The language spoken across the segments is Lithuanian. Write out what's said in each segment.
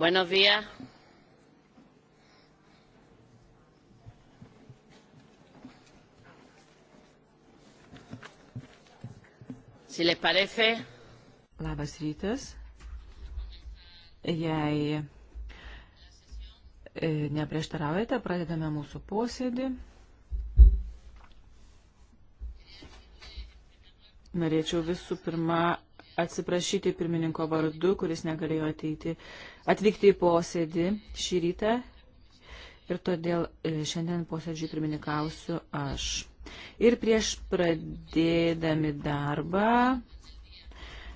Buenos días. Si les parece. Labas rytas. Jei e, neprieštaraujate, pradedame mūsų posėdį. Norėčiau visų pirma atsiprašyti pirmininko vardu, kuris negalėjo ateiti, atvykti į posėdį šį rytą. Ir todėl e, šiandien posėdžiui pirmininkausiu aš. Ir prieš pradėdami darbą,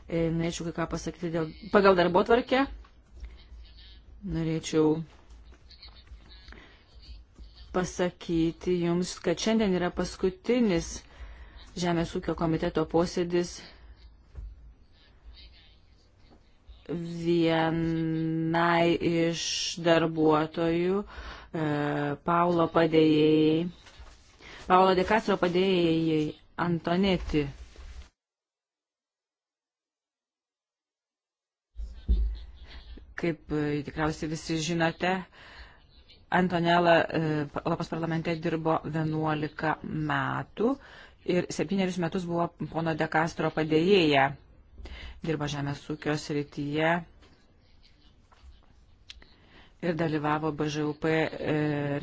e, norėčiau kai ką pasakyti dėl, pagal darbo tvarkę. Norėčiau pasakyti jums, kad šiandien yra paskutinis Žemės ūkio komiteto posėdis vienai iš darbuotojų, e, Paulo padėjėjai, Paulo de Castro padėjėjai Antoneti. Kaip e, tikriausiai visi žinote, Antonella e, Europos parlamente dirbo 11 metų ir septynerius metus buvo pono de Castro padėjėja dirba žemės ūkio srityje ir dalyvavo BŽUP e,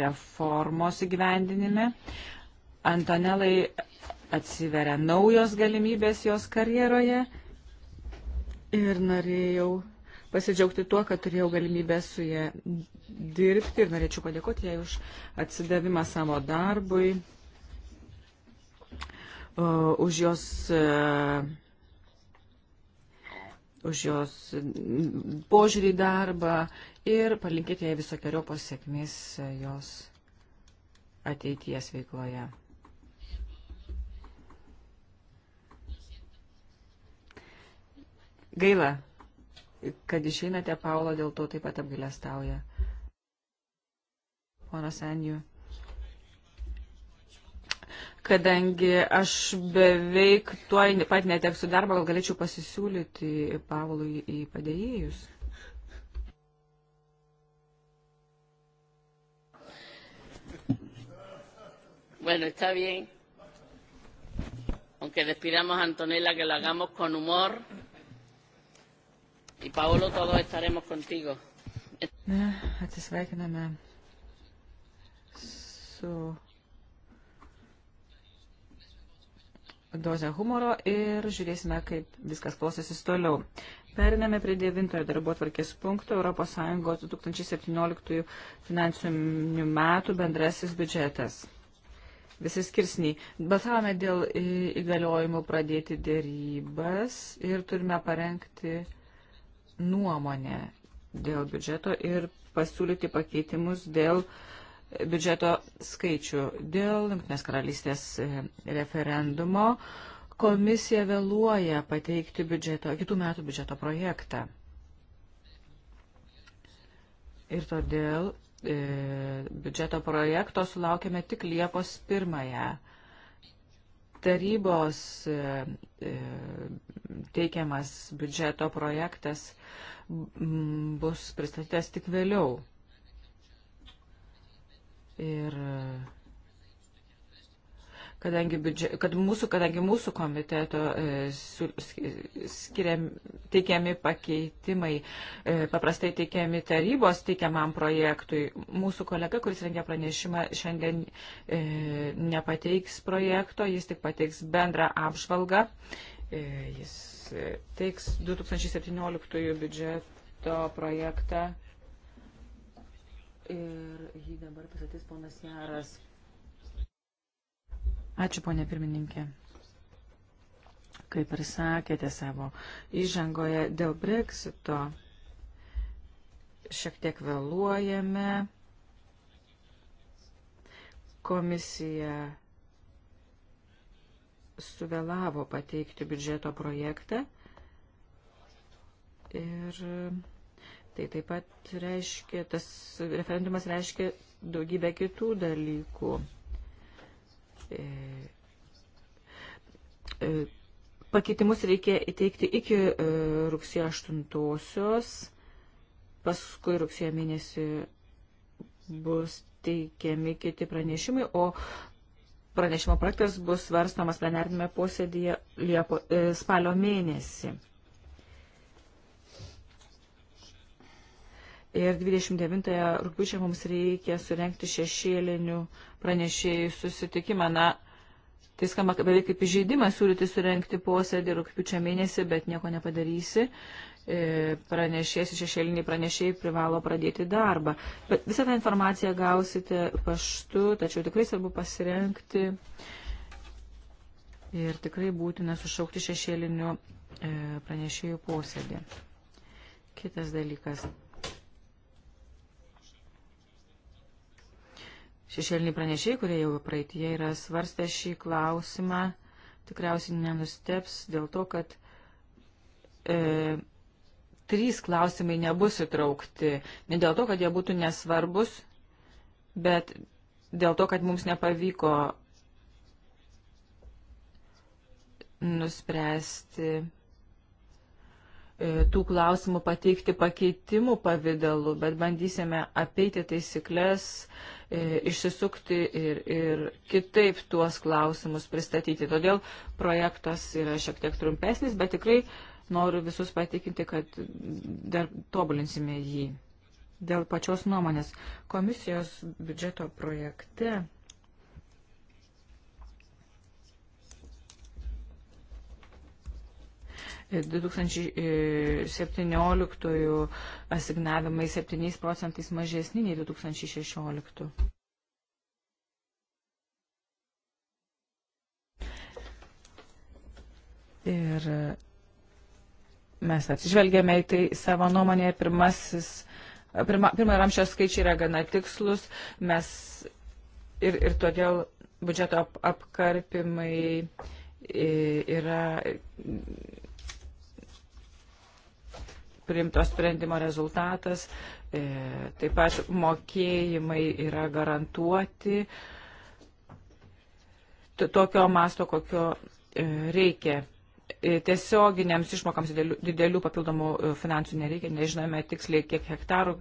reformos įgyvendinime. Antonelai atsiveria naujos galimybės jos karjeroje ir norėjau pasidžiaugti tuo, kad turėjau galimybę su jie dirbti ir norėčiau padėkoti jai už atsidavimą savo darbui, už jos e, už jos požiūrį į darbą ir palinkėti jai visokiojo pasiekmės jos ateities veikloje. Gaila, kad išeinate, Paulo dėl to taip pat apgailestauja. Ponas Anjų kadangi aš beveik tuo pat neteksiu darbo, gal galėčiau pasisiūlyti Pavlui į padėjėjus. Bueno, está bien. Aunque despidamos a Antonella, que lo hagamos con humor. Y Paolo, todos estaremos contigo. Na, atsisveikiname su dozę humoro ir žiūrėsime, kaip viskas klostysis toliau. Periname prie devintojo darbo atvarkės punkto ES 2017 finansinių metų bendrasis biudžetas. Visi skirsniai. Balsavome dėl įgaliojimų pradėti dėrybas ir turime parengti nuomonę dėl biudžeto ir pasiūlyti pakeitimus dėl uh, biudžeto skaičių. Dėl Junktinės karalystės e, referendumo komisija vėluoja pateikti biudžeto, kitų metų biudžeto projektą. Ir todėl e, biudžeto projekto sulaukėme tik Liepos pirmąją. Tarybos e, e teikiamas biudžeto projektas bus pristatytas tik vėliau. Ir kadangi, biudžet, kad mūsų, kadangi mūsų komiteto e, skiriam, teikiami pakeitimai, e, paprastai teikiami tarybos teikiamam projektui, mūsų kolega, kuris rengia pranešimą, šiandien e, nepateiks projekto, jis tik pateiks bendrą apžvalgą. Jis teiks 2017 biudžeto projektą ir jį dabar pasakys ponas Jaras. Ačiū, ponė pirmininkė. Kaip ir sakėte savo įžangoje dėl Brexito, šiek tiek vėluojame. Komisija suvėlavo pateikti biudžeto projektą ir Tai taip pat reiškia, tas referendumas reiškia daugybę kitų dalykų. E, e, Pakeitimus reikia įteikti iki e, rugsėjo 8-osios, paskui rugsėjo mėnesį bus teikiami kiti pranešimai, o pranešimo projektas bus svarstomas plenarinėme posėdėje liepo, e, spalio mėnesį. Ir 29 rūpiučio mums reikia surenkti šešėlinių pranešėjų susitikimą. Na, tai skamba beveik kaip įžeidimas siūlyti surenkti posėdį rūpiučio mėnesį, bet nieko nepadarysi. E, pranešėsi šešėliniai pranešėjai privalo pradėti darbą. Bet visą tą informaciją gausite paštu, tačiau tikrai svarbu pasirenkti ir tikrai būtina sušaukti šešėlinių e, pranešėjų posėdį. Kitas dalykas šešėliniai pranešiai, kurie jau praeitie yra svarstę šį klausimą, tikriausiai nenusteps dėl to, kad e, trys klausimai nebus įtraukti. Ne dėl to, kad jie būtų nesvarbus, bet dėl to, kad mums nepavyko nuspręsti E, tų klausimų pateikti pakeitimų pavydalu, bet bandysime apeiti taisyklės, e, išsisukti ir, ir kitaip tuos klausimus pristatyti. Todėl projektas yra šiek tiek trumpesnis, bet tikrai noriu visus patikinti, kad dar tobulinsime jį. Dėl pačios nuomonės komisijos biudžeto projekte 2017 asignavimai 7 procentais mažesni nei 2016. Ir mes atsižvelgėme į tai savo nuomonėje. Pirmasis, pirma, pirma ramščio skaičiai yra gana tikslus. Mes ir, ir todėl biudžeto ap, apkarpimai e, yra priimto sprendimo rezultatas. E, taip pat mokėjimai yra garantuoti tokio masto, kokio e, reikia. E, tiesioginiams išmokams didelių, didelių papildomų finansų nereikia, nežinome tiksliai, kiek hektarų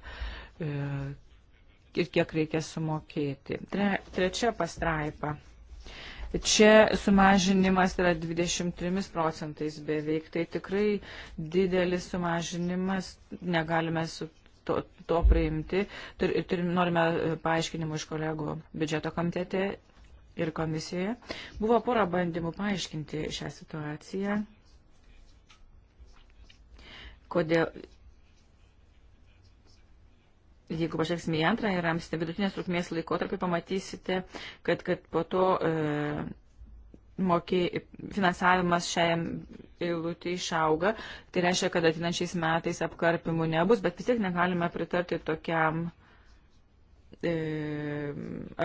ir kiek reikia sumokėti. Tre, trečia pastraipa Čia sumažinimas yra 23 procentais beveik. Tai tikrai didelis sumažinimas, negalime su to, to priimti. Tur, tur, norime paaiškinimų iš kolegų biudžeto komitete ir komisijoje. Buvo pora bandymų paaiškinti šią situaciją. Kodėl jeigu pažvelgsime į antrą ir amstį vidutinės trukmės laikotarpį, pamatysite, kad, kad po to e, mokė, finansavimas šiam eilutį išauga. Tai reiškia, kad atinančiais metais apkarpimų nebus, bet vis tiek negalime pritarti tokiam e,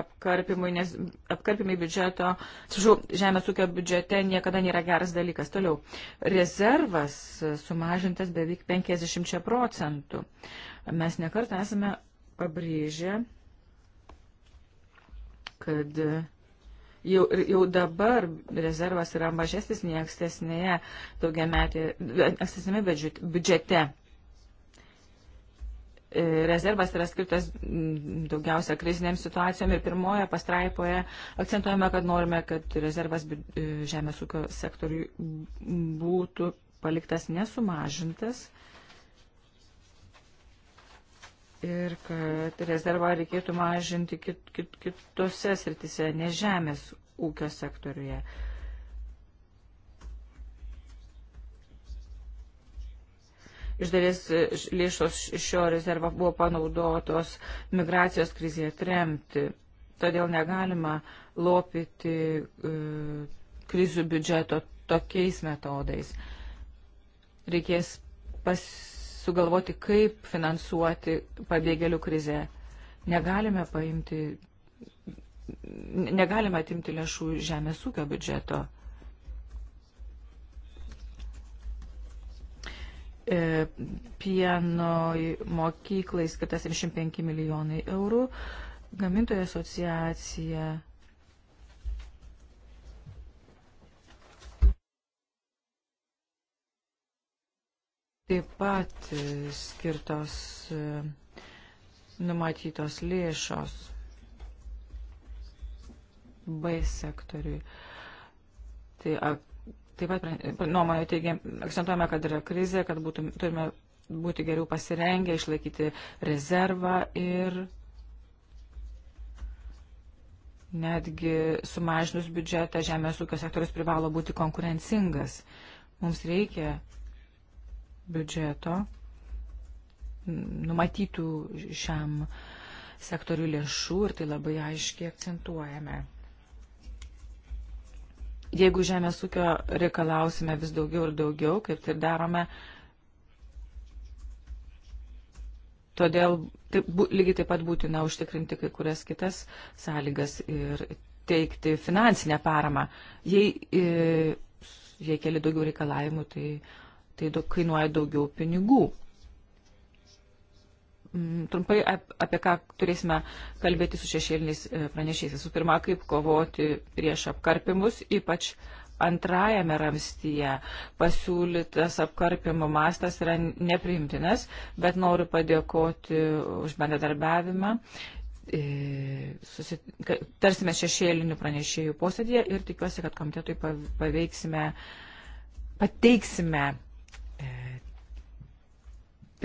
apkarpimui, nes apkarpimai biudžeto, sužau, žemės ūkio biudžete niekada nėra geras dalykas. Toliau, rezervas sumažintas beveik 50 procentų. E, Mes nekartą esame pabrėžę, kad jau, jau dabar rezervas yra mažesnis nei ankstesnėje daugiametė, ankstesnėme biudžete. E, rezervas yra skirtas daugiausia krizinėms situacijom ir pirmoje pastraipoje akcentuojame, kad norime, kad rezervas e, žemės ūkio sektoriui būtų paliktas nesumažintas ir kad rezervą reikėtų mažinti kit, kit, kitose sritise, ne žemės ūkio sektoriuje. Iš dalies lėšos šio rezervo buvo panaudotos migracijos krizėje tremti. Todėl negalima lopyti e, krizių biudžeto tokiais metodais. Reikės pas, sugalvoti, kaip finansuoti pabėgėlių krizę. Negalime paimti, negalime atimti lėšų žemės ūkio biudžeto. E, pieno mokyklai skirtas 75 milijonai eurų, gamintojų asociacija taip pat e, skirtos e, numatytos lėšos B sektoriui. Tai a, taip pat e, nuomonė teigia, akcentuojame, kad yra krizė, kad būtum, turime būti geriau pasirengę, išlaikyti rezervą ir netgi sumažinus biudžetą žemės ūkio sektorius privalo būti konkurencingas. Mums reikia biudžeto numatytų šiam sektoriu lėšų ir tai labai aiškiai akcentuojame. Jeigu žemės ūkio reikalausime vis daugiau ir daugiau, kaip tai darome, todėl taip, bu, lygiai taip pat būtina užtikrinti kai kurias kitas sąlygas ir teikti finansinę paramą. Jei, e, jei keli daugiau reikalavimų, tai uh, tai kainuoja daugiau pinigų. Mm, trumpai apie ką turėsime kalbėti su šešėliniais e, pranešiais. Visų pirma, kaip kovoti prieš apkarpimus, ypač antrajame ramstyje pasiūlytas apkarpimo mastas yra nepriimtinas, bet noriu padėkoti už bendradarbiavimą. E, Susit... Tarsime šešėlinių pranešėjų posėdėje ir tikiuosi, kad komitetui paveiksime, pateiksime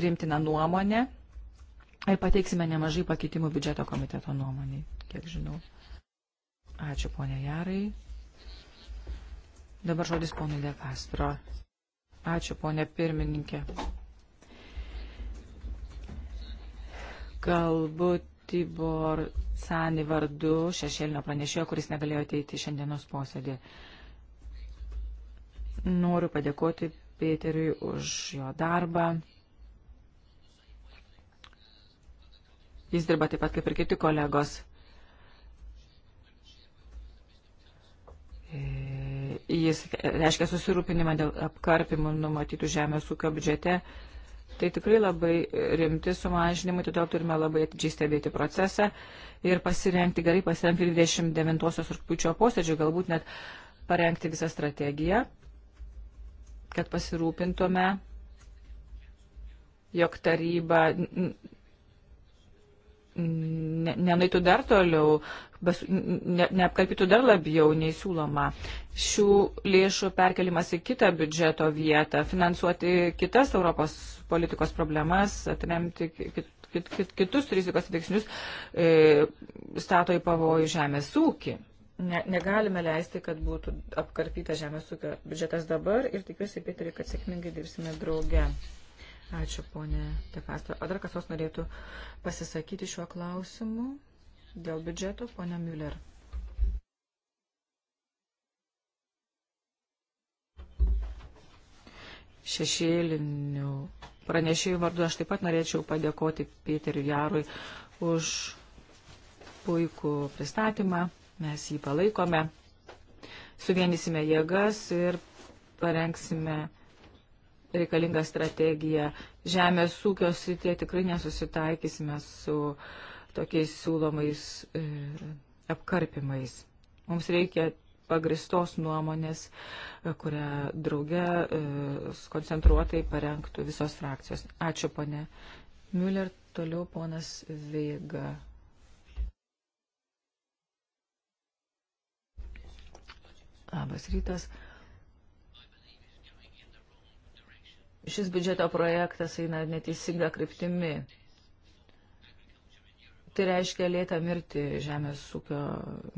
priimtiną nuomonę ir pateiksime nemažai pakeitimų biudžeto komiteto nuomoniai, kiek žinau. Ačiū, ponia Jarai. Dabar žodis ponui De Castro. Ačiū, ponia pirmininkė. Kalbu Tibor Sani vardu šešėlinio pranešėjo, kuris negalėjo ateiti šiandienos posėdį. Noriu padėkoti Pėteriui už jo darbą Jis dirba taip pat kaip ir kiti kolegos. E, jis reiškia susirūpinimą dėl apkarpimų numatytų žemės ūkio biudžete. Tai tikrai labai rimti sumažinimai, todėl turime labai atidžiai stebėti procesą ir pasirengti, gerai pasirengti 29 rūpiučio posėdžio, galbūt net parengti visą strategiją, kad pasirūpintume, jog taryba nenaitų dar toliau, bas, ne, neapkalpytų dar labiau nei siūloma. Šių lėšų perkelimas į kitą biudžeto vietą, finansuoti kitas Europos politikos problemas, atremti kit, kit, kit, kitus rizikos veiksnius, e, stato į pavojų žemės ūkį. Ne, negalime leisti, kad būtų apkarpyta žemės ūkio biudžetas dabar ir tikiuosi, Petri, kad sėkmingai dirbsime drauge. Ačiū, ponė Tekastro. Ar dar kas nors norėtų pasisakyti šiuo klausimu dėl biudžeto, ponė Müller? Šešėlinių pranešėjų vardu aš taip pat norėčiau padėkoti Peteriu Jarui už puikų pristatymą. Mes jį palaikome. Suvienysime jėgas ir parengsime reikalinga strategija. Žemės ūkio srityje tikrai nesusitaikysime su tokiais siūlomais e, apkarpimais. Mums reikia pagristos nuomonės, e, kurią drauge e, koncentruotai parengtų visos frakcijos. Ačiū, ponė Müller. Toliau ponas Veiga. Labas rytas. šis biudžeto projektas eina neteisinga kryptimi. Tai reiškia lėtą mirti žemės ūkio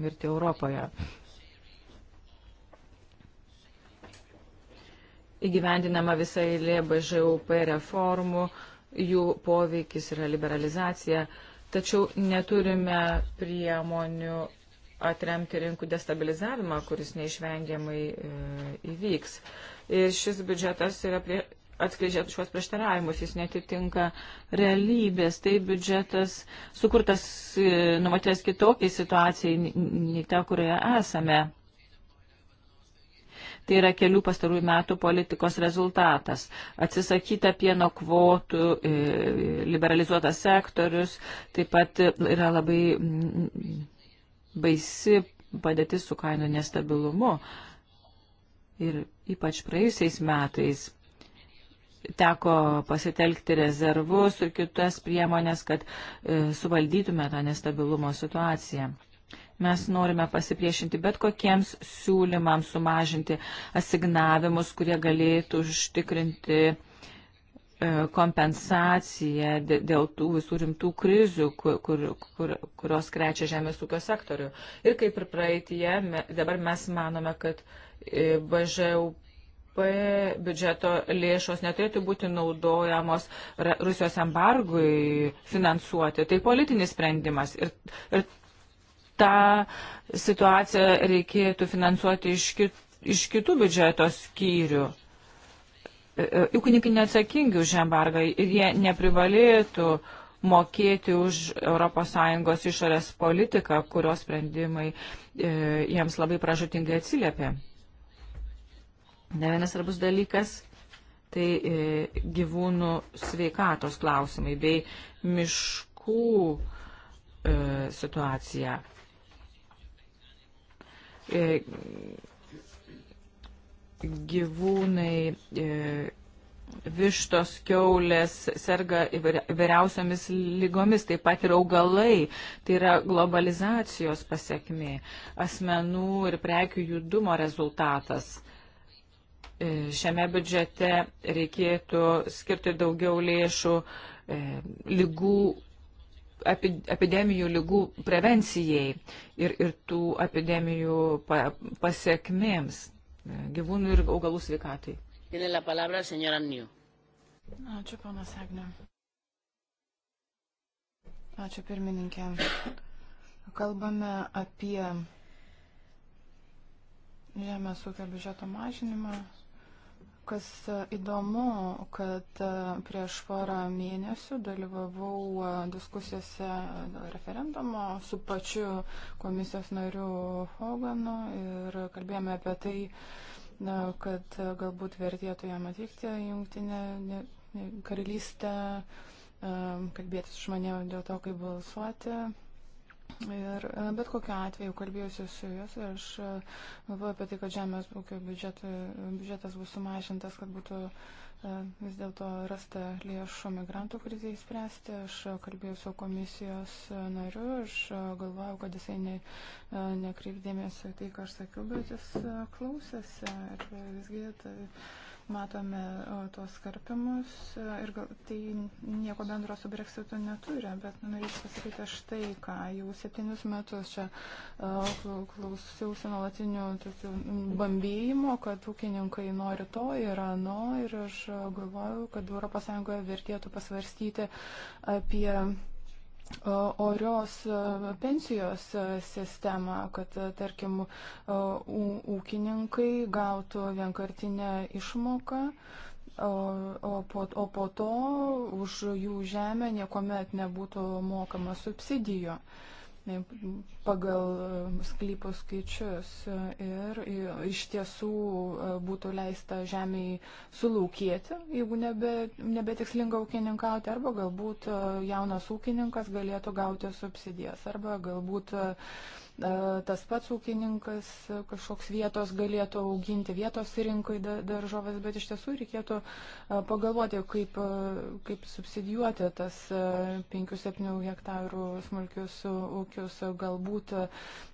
mirti Europoje. Įgyvendinama visai eilė BŽUP reformų, jų poveikis yra liberalizacija, tačiau neturime priemonių atremti rinkų destabilizavimą, kuris neišvengiamai e, įvyks. Ir šis biudžetas yra prie, atskleidžia šios prieštaravimus, jis netitinka realybės. Tai biudžetas sukurtas e, numatęs kitokiai situacijai, nei ta, kurioje esame. Tai yra kelių pastarųjų metų politikos rezultatas. Atsisakyta pieno kvotų, e, liberalizuotas sektorius, taip pat yra labai baisi padėtis su kainų nestabilumu. Ir ypač praėjusiais metais teko pasitelkti rezervus ir kitas priemonės, kad e, suvaldytume tą nestabilumo situaciją. Mes norime pasipriešinti bet kokiems siūlymams sumažinti asignavimus, kurie galėtų užtikrinti e, kompensaciją dėl tų visų rimtų krizių, kur, kur, kur, kurios krečia žemės ūkio sektorių. Ir kaip ir praeitie, me, dabar mes manome, kad e, BŽUP biudžeto lėšos neturėtų būti naudojamos Rusijos embargui finansuoti. Tai politinis sprendimas. Ir, ir tą situaciją reikėtų finansuoti iš, kit, iš kitų biudžeto skyrių. Ūkininkai e, e, neatsakingi už embargą ir jie neprivalėtų mokėti už ES išorės politiką, kurios sprendimai e, jiems labai pražutingai atsiliepia. Ne vienas svarbus dalykas - tai e, gyvūnų sveikatos klausimai bei miškų e, situacija. E, gyvūnai, vištos, keulės serga įvairiausiamis lygomis, taip pat ir augalai. Tai yra globalizacijos pasiekmė, asmenų ir prekių judumo rezultatas E, šiame biudžete reikėtų skirti daugiau lėšų e, lygų, epidemijų lygų prevencijai ir, ir tų epidemijų pasiekmėms e, gyvūnų ir augalų sveikatai. Ačiū, panas Agnė. Ačiū, pirmininkė. Kalbame apie žemės ūkio biudžeto mažinimą. Kas e, įdomu, kad e, prieš porą mėnesių dalyvavau e, diskusijose referendumo su pačiu komisijos nariu Hoganu ir kalbėjome apie tai, na, kad galbūt vertėtų jam atvykti į jungtinę karalystę, kalbėti su žmonėmis dėl to, kaip balsuoti. Ir e, bet kokiu atveju kalbėjusiu su juos, aš galvoju e, apie tai, kad žemės ūkio biudžet, biudžetas bus sumažintas, kad būtų e, vis dėlto rasta lėšų migrantų krizai spręsti. Aš kalbėjau su komisijos nariu, aš galvojau, kad jisai ne, nekreipdėmėsi tai, ką aš sakiau, bet jis klausėsi. Ir visgi tai, matome tuos karpimus e, ir gal, tai nieko bendro su breksitu neturi, bet norėčiau pasakyti štai ką. Jau septynius metus čia e, klausiausi nuolatinių bambėjimo, kad ūkininkai nori to ir ano ir aš e, galvoju, kad ES vertėtų pasvarstyti apie orios e, pensijos e, sistemą, kad, e, tarkim, ūkininkai gautų vienkartinę išmoką. O, o, po, o po to už jų žemę niekuomet nebūtų mokama subsidijo. Uh, pagal um, sklypų skaičius ir iš tiesų uh, būtų leista žemiai sulaukėti, jeigu nebe, nebetikslinga ūkininkauti, arba galbūt uh, jaunas ūkininkas galėtų gauti subsidijas, arba galbūt uh, tas pats ūkininkas kažkoks vietos galėtų auginti vietos rinkai daržovės, bet iš tiesų reikėtų pagalvoti, kaip, kaip subsidijuoti tas 5-7 hektarų smulkius ūkius. Galbūt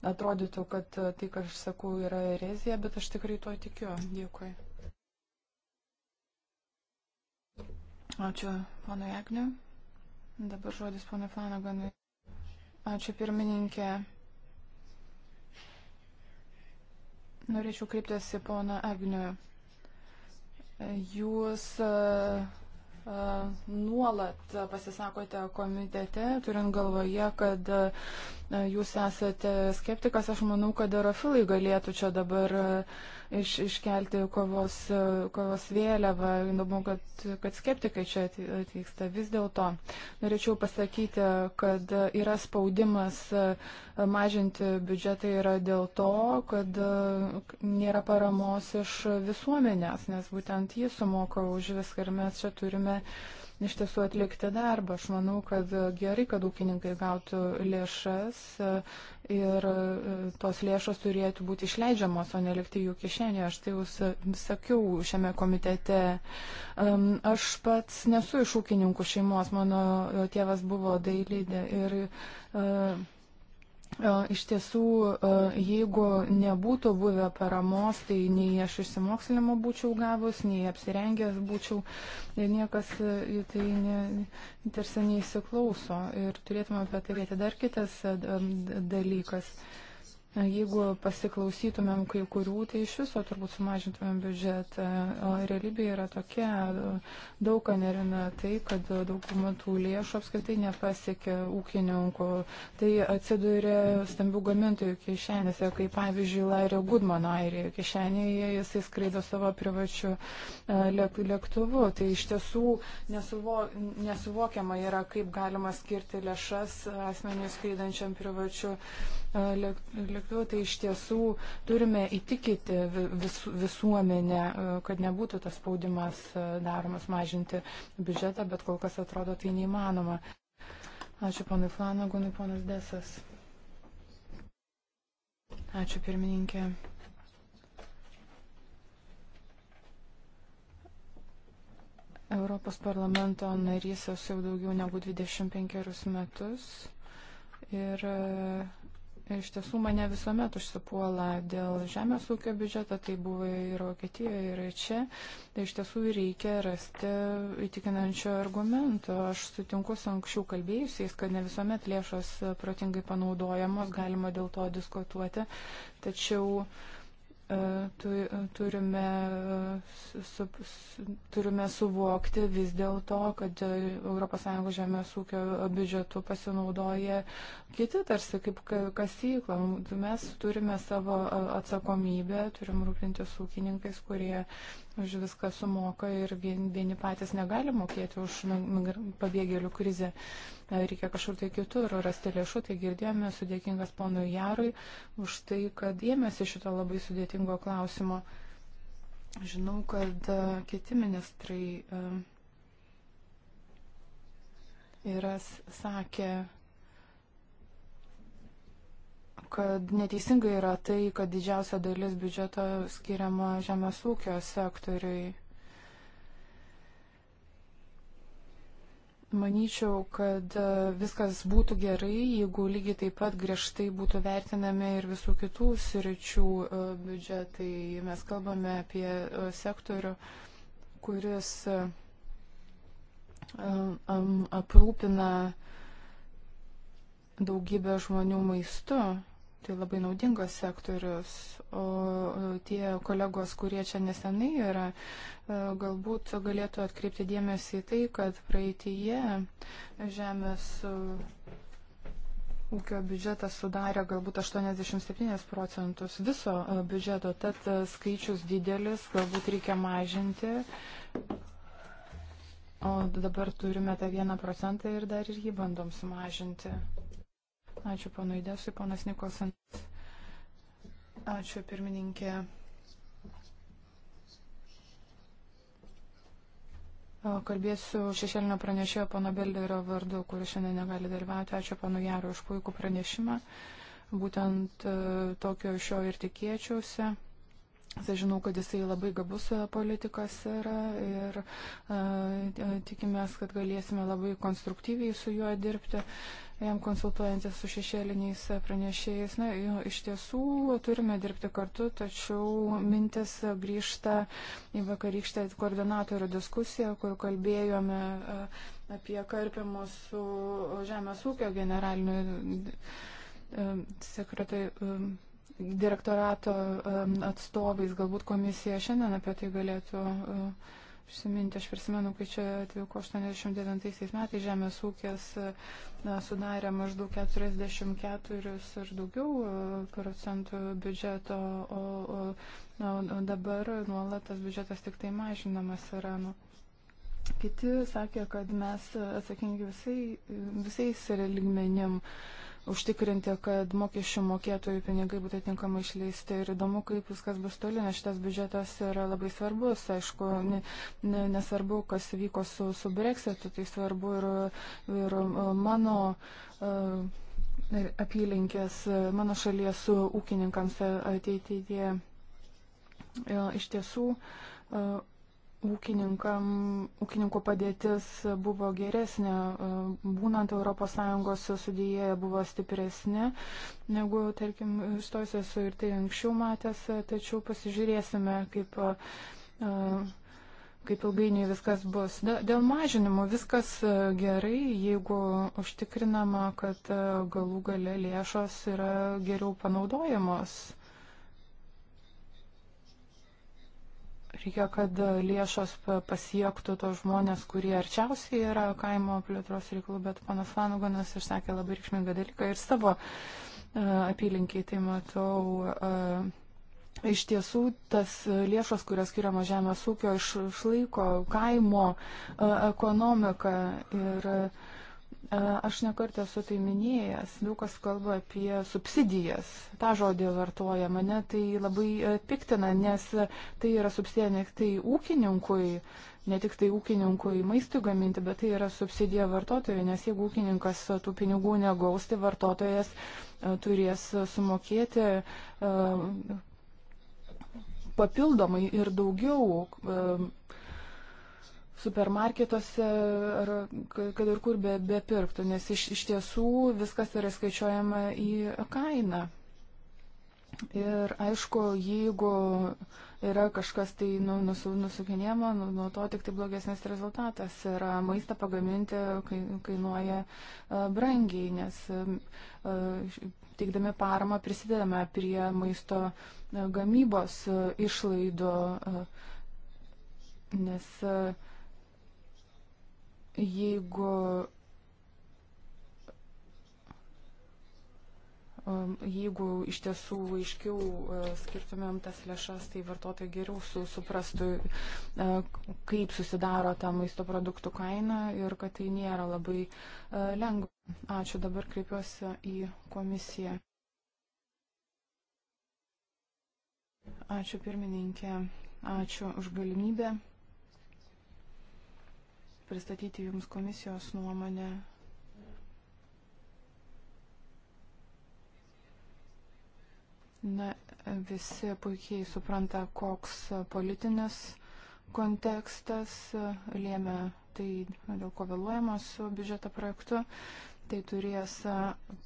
atrodytų, kad tai, ką aš sakau, yra erezija, bet aš tikrai to tikiu. Dėkui. Ačiū, ponui Agniu. Dabar žodis ponui Flanaganui. Ačiū pirmininkė. Norėčiau kreiptis į poną Agnių. Jūs e, e, nuolat pasisakote komitete, turint galvoje, kad e, jūs esate skeptikas, aš manau, kad erofilai galėtų čia dabar uh, iš, iškelti kovos, kovos vėliavą. Įdomu, kad, kad skeptikai čia atvyksta. Vis dėlto norėčiau pasakyti, kad yra spaudimas e, mažinti biudžetą yra dėl to, kad e, nėra paramos iš visuomenės, nes būtent jis sumoka už viską ir mes čia turime. Uh, iš tiesų atlikti darbą. Aš manau, kad gerai, kad ūkininkai gautų lėšas e, ir e, tos lėšos turėtų būti išleidžiamos, o nelikti jų kišenėje. Aš tai jau sakiau šiame komitete. Aš pats nesu iš ūkininkų šeimos, mano e, tėvas buvo dailydė ir E, iš tiesų, e, jeigu nebūtų buvę paramos, tai nei aš išsimokslinimo būčiau gavus, nei apsirengęs būčiau, niekas e, į tai ne, tarsi neįsiklauso ir turėtume apie tai kalbėti. Dar kitas dalykas. Uh, Jeigu pasiklausytumėm kai kurių, tai iš viso turbūt sumažintumėm biudžetą. Realybė yra tokia, daug ką nerina tai, kad daugumą tų lėšų apskritai nepasiekia ūkininkų. Tai atsiduria stambių gamintojų kišenėse, kaip pavyzdžiui Lairio Gudmano airijoje kišenėje jisai skraido savo privačiu e, lėktuvu. Tai iš tiesų nesuvo, nesuvokiama yra, kaip galima skirti lėšas asmeniui skraidančiam privačiu e, lėktuvu laikotarpiu, tai iš tiesų turime įtikinti vis, visuomenę, e, kad nebūtų tas spaudimas e, daromas mažinti biudžetą, bet kol kas atrodo tai neįmanoma. Ačiū ponui Flanagonui, ponas Desas. Ačiū pirmininkė. Europos parlamento narys esu jau daugiau negu 25 metus ir Iš tiesų mane visuomet užsipuola dėl žemės ūkio biudžeto, tai buvo ir Vokietijoje, ir čia. Tai iš tiesų reikia rasti įtikinančio argumento. Aš sutinku su anksčiau kalbėjusiais, kad ne visuomet lėšos protingai panaudojamos, galima dėl to diskutuoti. Tačiau uh, turime, su, turime suvokti vis dėlto, kad ES žemės ūkio biudžetu pasinaudoja kiti tarsi kaip kasyklą. Mes turime savo atsakomybę, turim rūpintis ūkininkais, kurie už viską sumoka ir vieni patys negali mokėti už pabėgėlių krizę. Uh, reikia kažkur tai kitur rasti lėšų, tai girdėjome, sudėkingas ponui Jarui už tai, kad ėmėsi šito labai sudėtingo klausimo. Žinau, kad e, kiti ministrai yra e, sakę, kad neteisingai yra tai, kad didžiausia dalis biudžeto skiriama žemės ūkio sektoriui. Manyčiau, kad e, viskas būtų gerai, jeigu lygiai taip pat griežtai būtų vertinami ir visų kitų sričių e, biudžetai. Mes kalbame apie e, sektorių, kuris aprūpina daugybę žmonių maistu Tai labai naudingas sektorius. O e, tie kolegos, kurie čia nesenai yra, e, galbūt galėtų atkreipti dėmesį į tai, kad praeitįje žemės e, ūkio biudžetas sudarė galbūt 87 procentus viso biudžeto, tad skaičius didelis, galbūt reikia mažinti. O dabar turime tą vieną procentą ir dar ir jį bandom sumažinti. Ačiū ponui Desui, ponas Nikolson. Ačiū pirmininkė. Kalbėsiu šešėlinio pranešėjo pono Belderio vardu, kuris šiandien negali dalyvauti. Ačiū panu Jaru už puikų pranešimą. Būtent e, tokio šio ir tikėčiausi. Aš žinau, kad jisai labai gabus e, politikas yra ir a, e, tikimės, kad galėsime labai konstruktyviai su juo dirbti. A, jam konsultuojantis su šešėliniais pranešėjais. Na, iš tiesų turime dirbti kartu, tačiau mintis grįžta į vakarykštę koordinatorių diskusiją, kur kalbėjome e, apie karpimus su Žemės ūkio generaliniu e, sekretai e, direktorato atstovais, galbūt komisija šiandien apie tai galėtų uh, prisiminti, aš prisimenu, kai čia atvyko 89 metais žemės ūkės sudarė maždaug 44 ir daugiau e, procentų biudžeto, o, o, o dabar nuolat tas biudžetas tik tai mažinamas yra. Nu. Kiti sakė, kad mes atsakingi visai, visais lygmenim. Uh, užtikrinti, kad mokesčių mokėtojų pinigai būtų tinkamai išleisti. Ir įdomu, kaip viskas bus toliau, nes šitas biudžetas yra labai svarbus. Aišku, ne, ne, nesvarbu, kas vyko su, su Brexitu, tai svarbu ir, ir mano. Ir e, apylinkės mano šalies ūkininkams ateityje iš tiesų e, ūkininkam, ūkininkų padėtis buvo geresnė, e, būnant ES sudėję buvo stipresnė negu, tarkim, stojus esu ir tai anksčiau matęs, tačiau pasižiūrėsime, kaip, e, kaip ilgainiui viskas bus. Dėl mažinimo viskas e, gerai, jeigu užtikrinama, kad galų gale lėšos yra geriau panaudojamos Reikia, kad lėšos pasiektų tos žmonės, kurie arčiausiai yra kaimo plėtros reikalų, bet panas Vanuganas išsakė labai reikšmingą dalyką ir savo e, apylinkiai, tai matau. E, iš tiesų, tas lėšos, kurios skiriamos žemės ūkio, išlaiko kaimo e, ekonomiką ir uh, Aš nekartą esu tai minėjęs, daug kas kalba apie subsidijas. Ta žodį vartoja mane, tai labai e, piktina, nes tai yra subsidija ne tik tai ūkininkui, ne tik tai ūkininkui maistui gaminti, bet tai yra subsidija vartotojui, nes jeigu ūkininkas tų pinigų negaus, tai vartotojas e, turės sumokėti e, papildomai ir daugiau supermarketuose, ar kad ir kur be, be pirktų, nes iš, iš tiesų viskas yra skaičiuojama į kainą. Ir aišku, jeigu yra kažkas tai nu, nusukinėma, nu, nuo to tik tai blogesnis rezultatas yra. Maistą pagaminti kainuoja brangiai, nes teikdami paramą prisidedame prie maisto gamybos išlaidų, nes uh, jeigu um, Jeigu iš tiesų aiškiau uh, skirtumėm tas lėšas, tai vartotojai geriau su, suprastų, uh, kaip susidaro ta maisto produktų kaina ir kad tai nėra labai uh, lengva. Ačiū, dabar kreipiuosi į komisiją. Ačiū pirmininkė, ačiū už galimybę pristatyti Jums komisijos nuomonę. Na, visi puikiai supranta, koks politinis kontekstas lėmė tai, dėl ko vėluojama su biudžeto projektu. Tai turės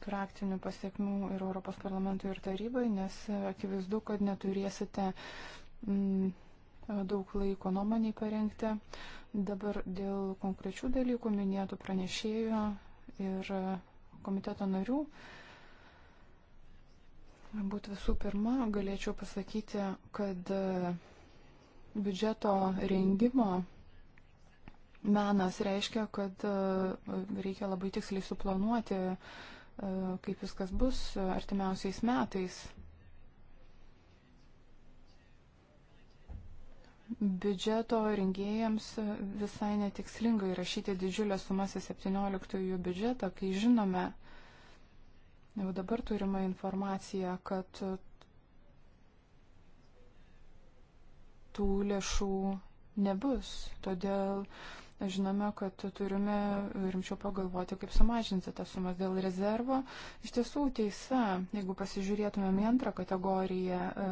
praktinių pasiekmių ir Europos parlamentui ir tarybai, nes akivaizdu, kad neturėsite m, mm, daug laiko nuomoniai parengti. Dabar dėl konkrečių dalykų minėtų pranešėjo ir komiteto narių. Būt visų pirma, galėčiau pasakyti, kad e, biudžeto rengimo menas reiškia, kad e, reikia labai tiksliai suplanuoti, e, kaip viskas bus artimiausiais metais. biudžeto rinkėjams visai netikslinga įrašyti didžiulę sumą į 17-ųjų biudžetą, kai žinome, jau dabar turime informaciją, kad tų lėšų nebus. Todėl žinome, kad turime rimčiau pagalvoti, kaip sumažinti tą sumą dėl rezervo. Iš tiesų teisa, jeigu pasižiūrėtumėm į antrą kategoriją. E,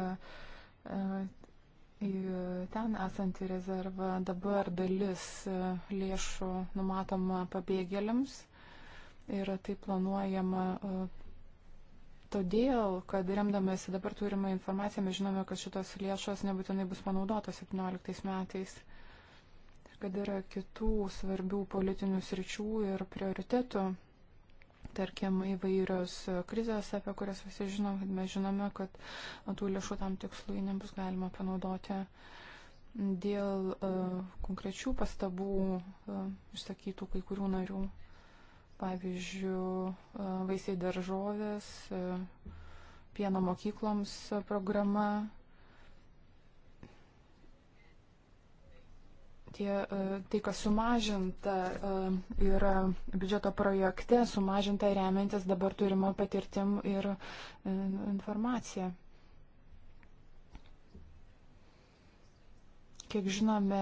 e, Ten esantį rezervą dabar dalis e, lėšų numatoma pabėgėliams ir tai planuojama e, todėl, kad remdamėsi dabar turimą informaciją, mes žinome, kad šitos lėšos nebūtinai bus panaudotos 17 metais ir kad yra kitų svarbių politinių sričių ir prioritetų tarkim, įvairios krizės, apie kurias visi žinom, kad mes žinome, kad tų lėšų tam tikslui nebus galima panaudoti. Dėl uh, konkrečių pastabų uh, išsakytų kai kurių narių, pavyzdžiui, uh, vaisiai daržovės, uh, pieno mokykloms programa, tie, e, tai, kas sumažinta e, yra biudžeto projekte, sumažinta remiantis dabar turimo patirtim ir e, informacija. Kiek žinome,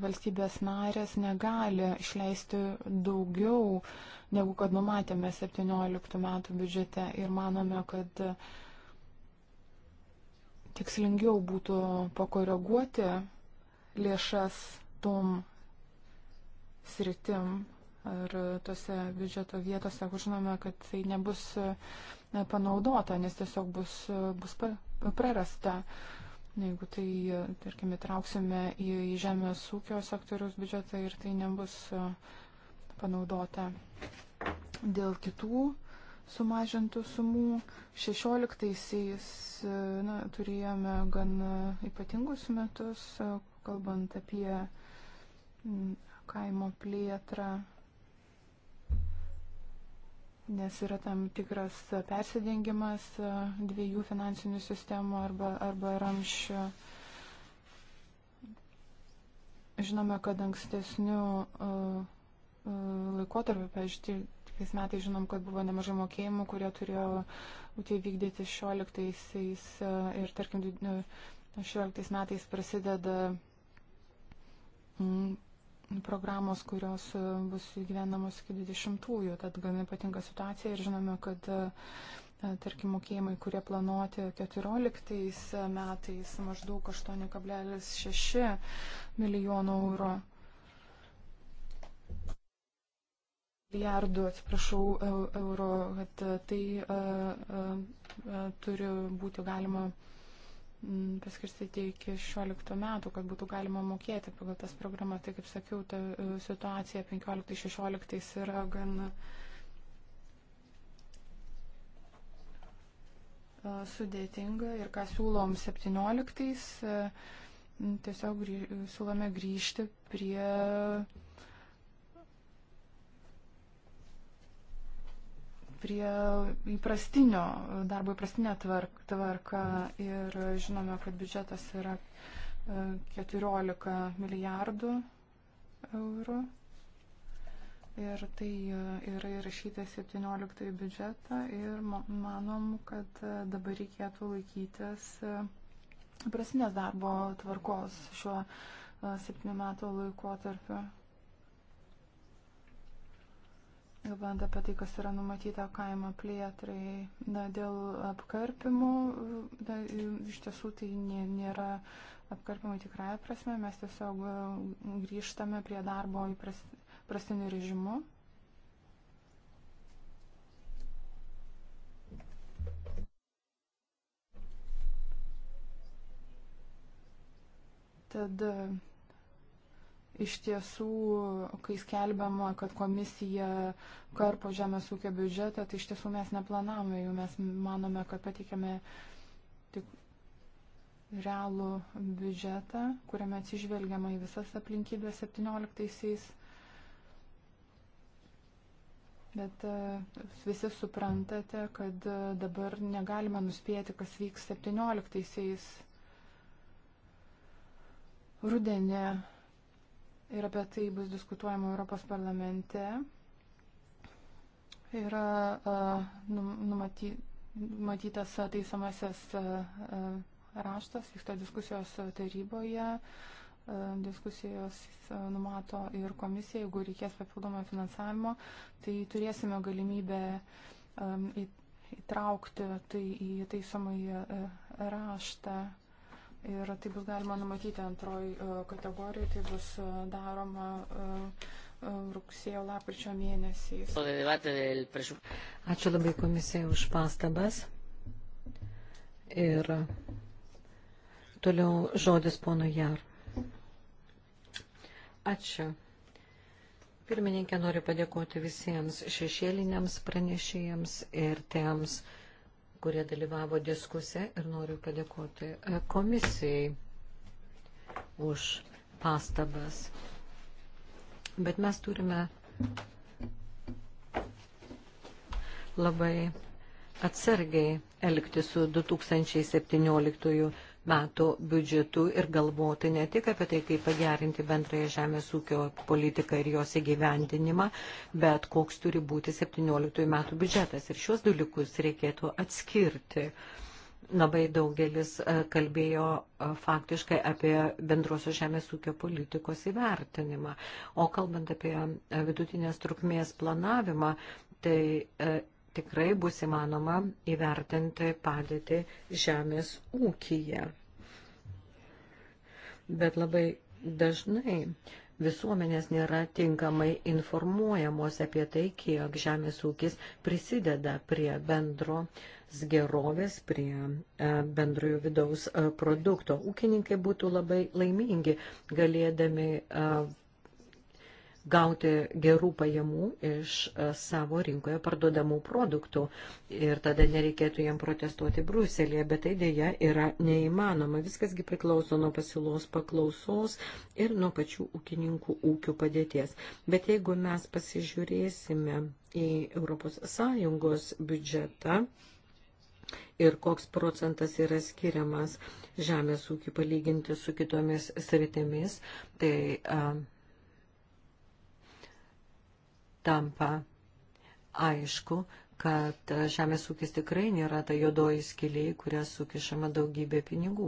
valstybės narės negali išleisti daugiau, negu kad numatėme 17 metų biudžete ir manome, kad tikslingiau būtų pakoreguoti lėšas tom sritim ar tose biudžeto vietose, kur žinome, kad tai nebus e, panaudota, nes tiesiog bus, e, bus prarasta. Jeigu tai, e, tarkim, įtrauksime į, į žemės ūkio sektoriaus biudžetą ir tai nebus panaudota. Dėl kitų sumažintų sumų 16-aisiais turėjome gan ypatingus metus, kalbant apie kaimo plėtrą, nes yra tam tikras persidengimas dviejų finansinių sistemų arba, arba ramščių. Žinome, kad ankstesnių e, e, laikotarpių, pažiūrėjau, Tais metais žinom, kad buvo nemažai mokėjimų, kurie turėjo būti vykdyti 16-aisiais e, ir tarkim 16 metais prasideda programos, kurios e, bus įgyvenamos iki 20-ųjų. Tad gan ypatinga situacija ir žinome, kad e, e, tarkim mokėjimai, kurie planuoti 14 metais maždaug 8,6 milijonų eurų. Milijardų, atsiprašau, eurų, kad tai a, a, a, turi būti galima Mm, paskirstyti iki 16 metų, kad būtų galima mokėti pagal tas programas. Tai kaip sakiau, ta e, situacija 15-16 yra gan e, sudėtinga ir ką siūlom 17, e, tiesiog grį, siūlome grįžti prie prie įprastinio darbo įprastinę tvarką ir žinome, kad biudžetas yra 14 e, milijardų eurų. Ir tai e, yra įrašyta 17 biudžetą ir manom, kad e, dabar reikėtų laikytis prasinės darbo tvarkos šiuo septynių metų laikotarpiu galvojant apie tai, kas yra numatyta kaimo plėtrai. Na, dėl apkarpimų, na, iš tiesų tai nėra apkarpimų tikrąją prasme, mes tiesiog e, grįžtame prie darbo įprastiniu režimu. Tad Iš tiesų, kai skelbiama, kad komisija karpo žemės ūkio biudžetą, tai iš tiesų mes neplanavome jų, mes manome, kad patikėme tik realų biudžetą, kuriame atsižvelgiama į visas aplinkybės 17-aisiais. Bet e, visi suprantate, kad e, dabar negalime nuspėti, kas vyks 17-aisiais. Rudenė ir apie tai bus diskutuojama Europos parlamente. Yra numaty, numatytas teisamasis raštas, vyksta diskusijos taryboje, diskusijos numato ir komisija, jeigu reikės papildomą finansavimo, tai turėsime galimybę įtraukti tai į teisomąjį raštą. Ir tai bus galima numatyti antroji e, kategorijai, tai bus e, daroma e, rugsėjo lapkričio mėnesiais. Ačiū labai komisijai už pastabas. Ir toliau žodis pono Jar. Ačiū. Pirmininkė noriu padėkoti visiems šešėliniams pranešėjams ir tiems kurie dalyvavo diskusiją ir noriu padėkoti e, komisijai už pastabas. Bet mes turime labai atsargiai elgti su 2017 metų biudžetu ir galvoti ne tik apie tai, kaip pagerinti bendrąją žemės ūkio politiką ir jos įgyvendinimą, bet koks turi būti 17 metų biudžetas. Ir šios dalykus reikėtų atskirti labai daugelis e, kalbėjo e, faktiškai apie bendrosios žemės ūkio politikos įvertinimą. O kalbant apie e, vidutinės trukmės planavimą, tai tikrai bus įmanoma įvertinti padėtį žemės ūkyje. Bet labai dažnai visuomenės nėra tinkamai informuojamos apie tai, kiek žemės ūkis prisideda prie bendro gerovės, prie e, bendrojo vidaus e, produkto. Ūkininkai būtų labai laimingi, galėdami e, gauti gerų pajamų iš e, savo rinkoje parduodamų produktų ir tada nereikėtų jam protestuoti Bruselėje, bet tai dėja yra neįmanoma. Viskasgi priklauso nuo pasiūlos paklausos ir nuo pačių ūkininkų ūkių padėties. Bet jeigu mes pasižiūrėsime į ES biudžetą, ir koks procentas yra skiriamas žemės ūkiu palyginti su kitomis sritimis, tai e, tampa aišku, kad žemės ūkis tikrai nėra ta juodoji skilė, kurią sukišama daugybė pinigų.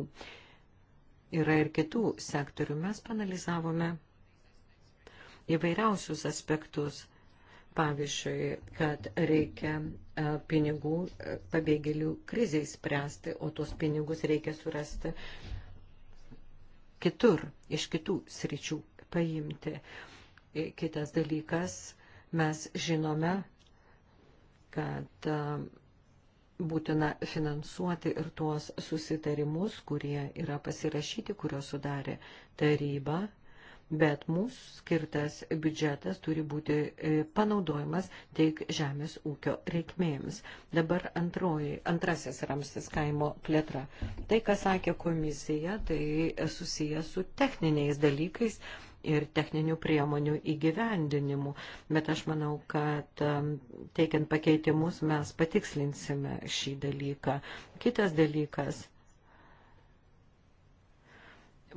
Yra ir kitų sektorių. Mes panalizavome įvairiausius aspektus. Pavyzdžiui, kad reikia e, pinigų e, pabėgėlių kriziai spręsti, o tuos pinigus reikia surasti kitur, iš kitų sričių paimti. E, kitas dalykas Mes žinome, kad e, būtina finansuoti ir tuos susitarimus, kurie yra pasirašyti, kurios sudarė taryba, bet mūsų skirtas biudžetas turi būti e, panaudojamas tik žemės ūkio reikmėms. Dabar antroji, antrasis ramstis kaimo plėtra. Tai, ką sakė komisija, tai susijęs su techniniais dalykais ir techninių priemonių įgyvendinimu. Bet aš manau, kad um, teikiant pakeitimus mes patikslinsime šį dalyką. Kitas dalykas.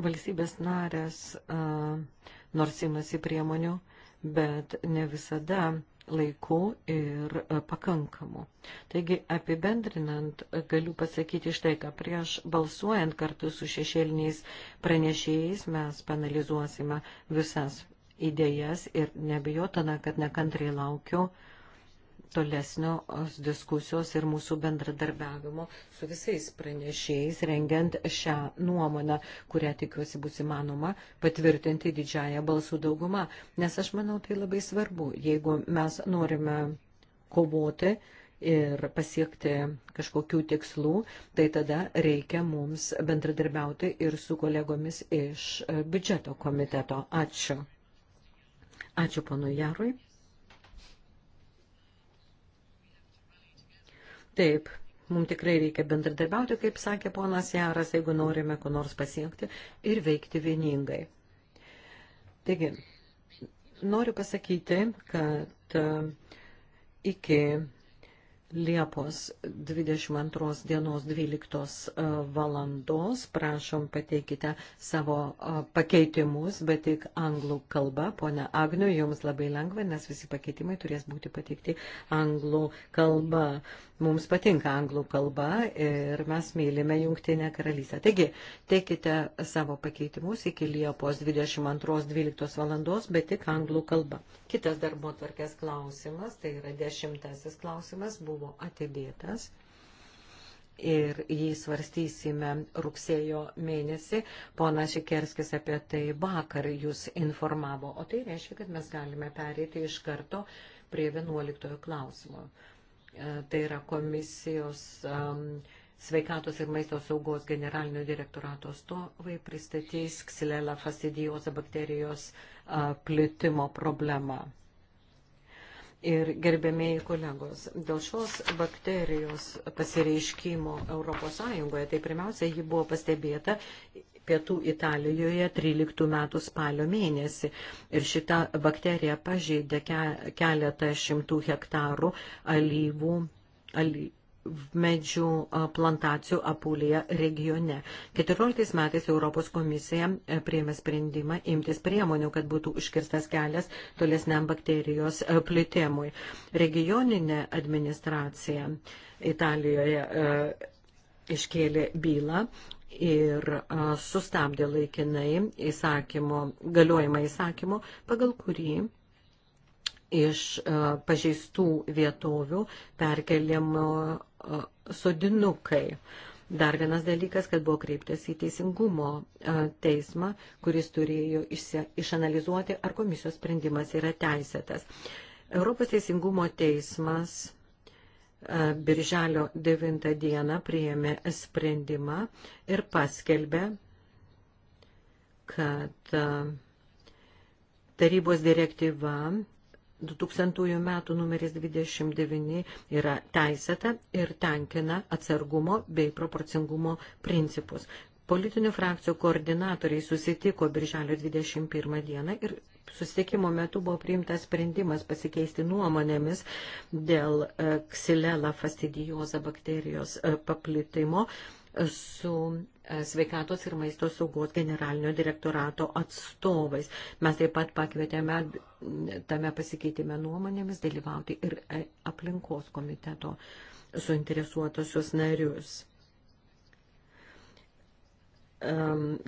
Valstybės narės uh, nors imasi priemonių, bet ne visada uh, laiku ir e, pakankamu. Taigi, apibendrinant, galiu pasakyti štai, ką prieš balsuojant kartu su šešėliniais pranešėjais mes panalizuosime visas idėjas ir nebijotana, kad nekantriai laukiu uh, tolesnios diskusijos ir mūsų bendradarbiavimo su visais pranešėjais, rengiant šią nuomonę, kurią tikiuosi bus įmanoma patvirtinti didžiąją balsų daugumą. Nes aš manau, tai labai svarbu, jeigu mes norime kovoti ir pasiekti kažkokių tikslų, tai tada reikia mums bendradarbiauti ir su kolegomis iš biudžeto komiteto. Ačiū. Ačiū panu Jarui. Taip, mums tikrai reikia bendradarbiauti, kaip sakė ponas Jaras, jeigu norime ko nors pasiekti ir veikti vieningai. Taigi, noriu pasakyti, kad e, iki Liepos 22 dienos 12 e, valandos. Prašom pateikite savo e, pakeitimus, bet tik anglų kalba. Pone Agniu, jums labai lengva, nes visi pakeitimai turės būti pateikti anglų kalba. Mums patinka anglų kalba ir mes mylime Jungtinę karalystę. Taigi, teikite savo pakeitimus iki Liepos 22.12 valandos, bet tik anglų kalba. Kitas darbo tvarkės klausimas, tai yra dešimtasis klausimas. Buvo buvo atidėtas ir jį svarstysime rugsėjo mėnesį. Pona Šikerskis apie tai vakar jūs informavo, o tai reiškia, kad mes galime perėti iš karto prie 11 klausimo. E, tai yra komisijos um, sveikatos ir maisto saugos generalinio direktorato atstovai pristatys ksilela fastidijos bakterijos uh, plitimo problemą ir gerbėmėjai kolegos. Dėl šios bakterijos pasireiškimo ES, tai pirmiausia, ji buvo pastebėta pietų Italijoje 13 metų spalio mėnesį. Ir šita bakterija pažeidė keletą šimtų hektarų alyvų. alyvų medžių plantacijų Apulija regione. 14 metais Europos komisija e, priėmė sprendimą imtis priemonių, kad būtų užkirstas kelias tolesniam bakterijos e, plitimui. Regioninė administracija Italijoje e, iškėlė bylą ir sustabdė laikinai įsakymo, galiojimą įsakymo, pagal kurį iš pažeistų vietovių perkeliamo sodinukai. Dar vienas dalykas, kad buvo kreiptas į teisingumo e, teismą, kuris turėjo išanalizuoti, ar komisijos sprendimas yra teisėtas. Europos teisingumo teismas e, Birželio 9 dieną priėmė sprendimą ir paskelbė, kad e, tarybos direktyva 2000 metų numeris 29 yra teisėta ir tenkina atsargumo bei proporcingumo principus. Politinių frakcijų koordinatoriai susitiko birželio 21 dieną ir susitikimo metu buvo priimtas sprendimas pasikeisti nuomonėmis dėl ksilela e, fastidijoza bakterijos e, paplitimo su E, sveikatos ir maisto saugos generalinio direktorato atstovais. Mes taip pat pakvietėme e, tame pasikeitime nuomonėmis dalyvauti ir e, aplinkos komiteto suinteresuotosius narius.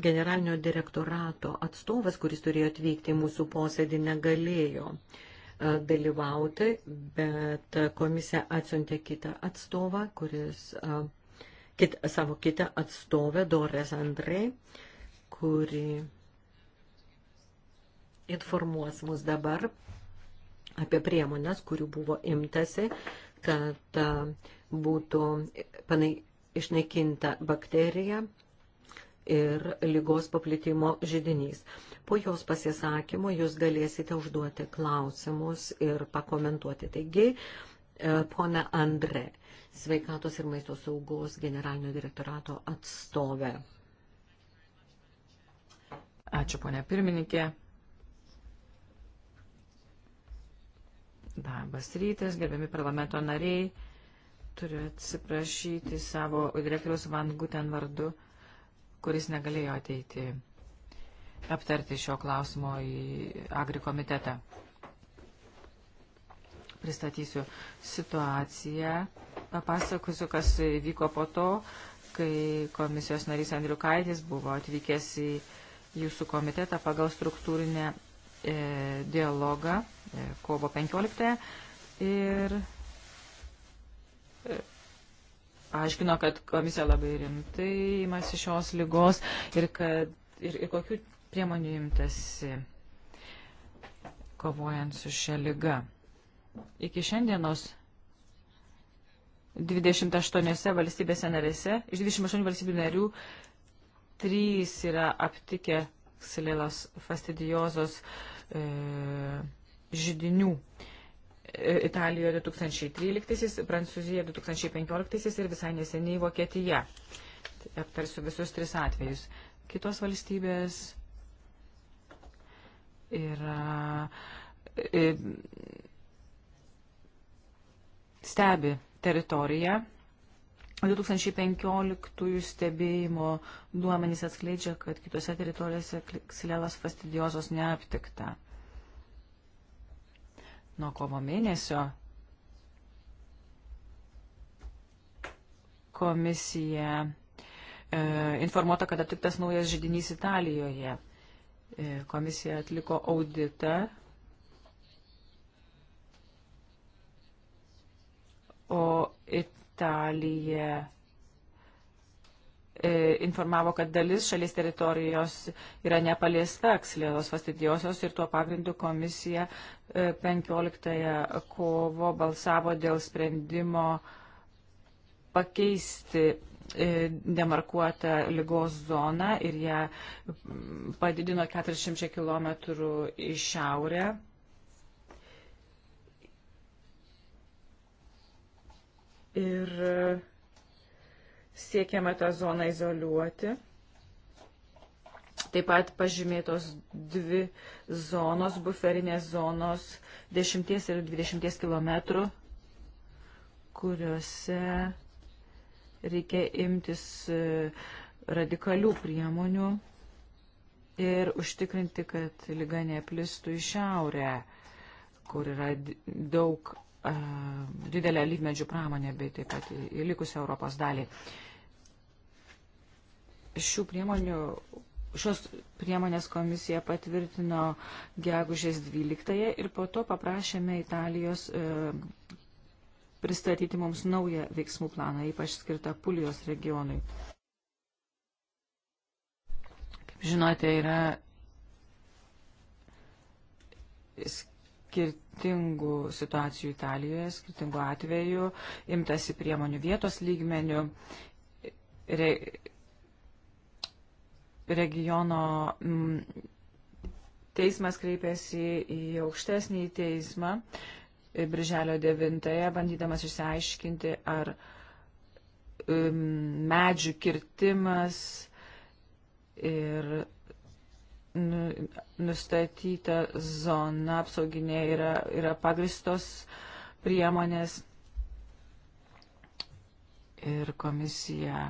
Generalinio direktorato atstovas, kuris turėjo atvykti į mūsų posėdį, negalėjo dalyvauti, bet komisija atsiuntė kitą atstovą, kuris kit, savo kitą atstovę, Dorės Andrė, kuri informuos mus dabar apie priemonės, kurių buvo imtasi, kad būtų panai, išnaikinta bakterija ir lygos paplitimo žydinys. Po jos pasisakymo jūs galėsite užduoti klausimus ir pakomentuoti. Taigi, E, pona Andre, sveikatos ir maisto saugos generalinio direktorato atstovė. Ačiū, ponia pirmininkė. Labas rytas, gerbiami parlamento nariai. Turiu atsiprašyti savo direktoriaus Van Guten vardu, kuris negalėjo ateiti aptarti šio klausimo į agri komitetą pristatysiu situaciją, papasakosiu, kas vyko po to, kai komisijos narys Andriu Kaitis buvo atvykęs į jūsų komitetą pagal struktūrinę e, dialogą e, kovo 15 ir e, aiškino, kad komisija labai rimtai imasi šios lygos ir, kad, ir, ir kokių priemonių imtasi kovojant su šia lyga iki šiandienos 28 valstybėse narėse, iš 28 valstybių narių, 3 yra aptikę ksilelos fastidijozos e, žydinių. E, Italijoje 2013, Prancūzijoje 2015 ir visai neseniai Vokietija. Tai aptarsiu visus tris atvejus. Kitos valstybės yra e, stebi teritoriją. 2015 stebėjimo duomenys atskleidžia, kad kitose teritorijose ksilelas fastidiozos neaptikta. Nuo kovo mėnesio komisija e, informuota, kad aptiktas naujas žydinys Italijoje. E, komisija atliko auditą o Italija e, informavo, kad dalis šalies teritorijos yra nepaliesta akslėlos fastidiosios ir tuo pagrindu komisija 15 e, kovo balsavo dėl sprendimo pakeisti e, demarkuotą lygos zoną ir ją padidino 400 km į šiaurę ir e, siekiama tą zoną izoliuoti. Taip pat pažymėtos dvi zonos, buferinės zonos 10 ir 20 km, kuriuose reikia imtis e, radikalių priemonių ir užtikrinti, kad lyga neplistų į šiaurę, kur yra daug didelę lygmedžių pramonę, bei taip pat į likusią Europos dalį. Šių priemonių, šios priemonės komisija patvirtino gegužės 12 ir po to paprašėme Italijos e, pristatyti mums naują veiksmų planą, ypač skirtą Pulijos regionui. Kaip žinote, yra skirti skirtingų situacijų Italijoje, skirtingų atvejų, imtasi priemonių vietos lygmenių, re, regiono m, mm, teismas kreipėsi į aukštesnį teismą e, Birželio 9-ąją, bandydamas išsiaiškinti, ar m, mm, medžių kirtimas ir Nu, nustatyta zona apsauginė yra, yra pagristos priemonės ir komisija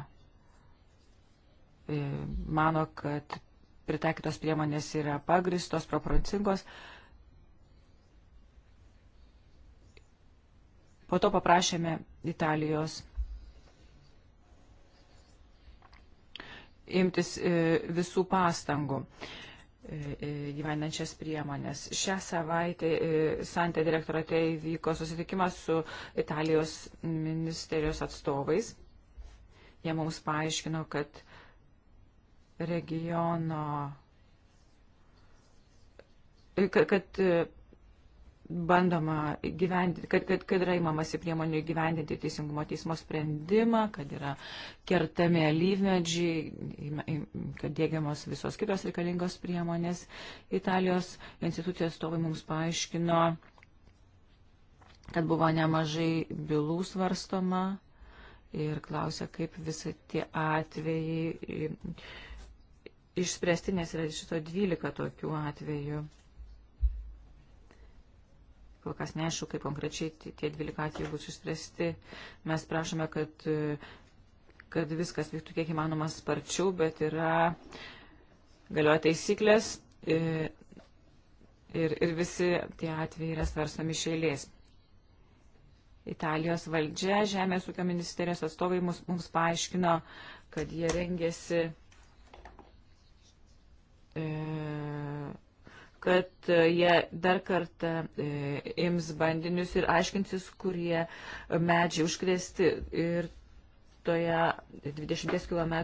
e, mano, kad pritaikytos priemonės yra pagristos, proporcingos. Po to paprašėme Italijos imtis e, visų pastangų. E, E, gyvenančias priemonės. Šią savaitę e, Santė direktorate įvyko susitikimas su Italijos ministerijos atstovais. Jie mums paaiškino, kad regiono e, kad, kad bandoma gyventi, kad, kad, kad yra įmamasi priemonių gyvendinti teisingumo teismo sprendimą, kad yra kertami alyvmedžiai, kad dėgiamos visos kitos reikalingos priemonės. Italijos institucijos stovai mums paaiškino, kad buvo nemažai bylų svarstoma ir klausė, kaip visi tie atvejai išspręsti, nes yra šito 12 tokių atvejų kol kas neaišku, kaip konkrečiai tie 12 atvejai bus išspręsti. Mes prašome, kad, kad viskas vyktų kiek įmanoma sparčiau, bet yra galioja taisyklės e, ir, ir visi tie atvejai yra svarstami šeilės. Italijos valdžia, Žemės ūkio ministerijos atstovai mums, mums paaiškino, kad jie rengėsi e, kad e, jie dar kartą e, ims bandinius ir aiškinsis, kurie medžiai užkrėsti ir toje 20 km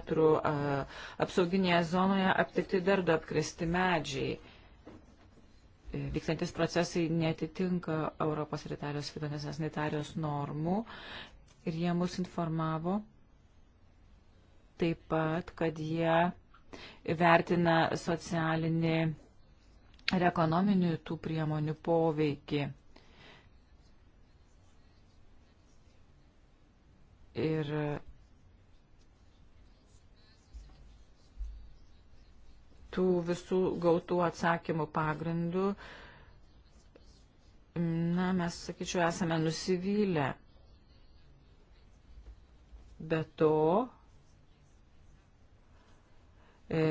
apsauginėje zonoje aptikti dar du apkrėsti medžiai. E, vykstantis procesai netitinka Europos ir Italijos fitonesinės sanitarijos normų ir jie mus informavo taip pat, kad jie vertina socialinį ir ekonominių tų priemonių poveikį. Ir tų visų gautų atsakymų pagrindų, na, mes, sakyčiau, esame nusivylę. Be to, e,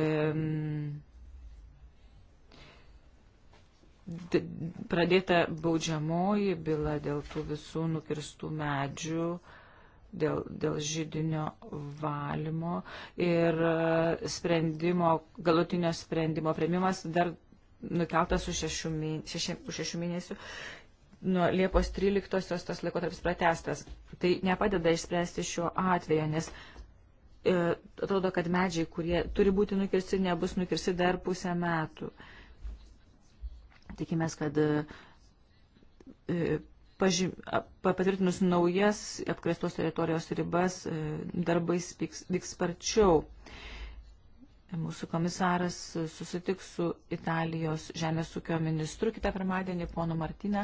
pradėta baudžiamoji byla dėl tų visų nukirstų medžių, dėl, dėl žydinio valymo ir e, sprendimo, galutinio sprendimo prieimimas dar nukeltas už šešių, šeši, šešių mėnesių. Nuo Liepos 13-osios tas laikotarpis pratestas. Tai nepadeda išspręsti šio atveju, nes e, atrodo, kad medžiai, kurie turi būti nukirsti, nebus nukirsti dar pusę metų. E, Tikimės, kad e, paži... patvirtinus naujas apkrestos teritorijos ribas e, darbais vyks sparčiau. Mūsų komisaras susitiks su Italijos žemės ūkio ministru kitą pirmadienį, ponu Martinę,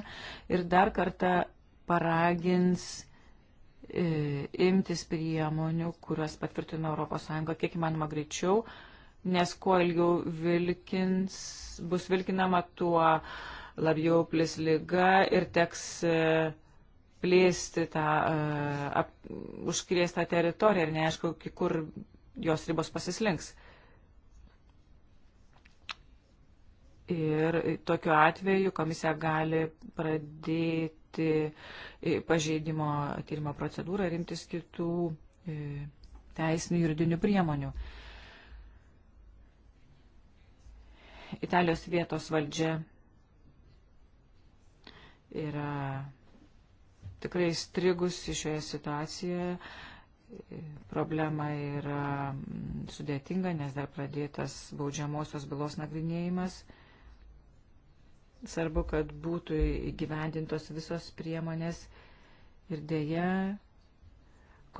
ir dar kartą paragins e, imtis priemonių, kuriuos patvirtino ES kiek įmanoma greičiau, nes kuo ilgiau vilkins, bus vilkinama, tuo labiau plis lyga ir teks e, plėsti tą e, ap, užkriestą teritoriją ir neaišku, kur jos ribos pasislinks. Ir tokiu atveju komisija gali pradėti e, pažeidimo tyrimo procedūrą ir imtis kitų teisinių juridinių priemonių. Italijos vietos valdžia yra tikrai strigusi šioje situacijoje. Problema yra mm, sudėtinga, nes dar pradėtas baudžiamosios bylos nagrinėjimas. Svarbu, kad būtų įgyvendintos visos priemonės ir dėja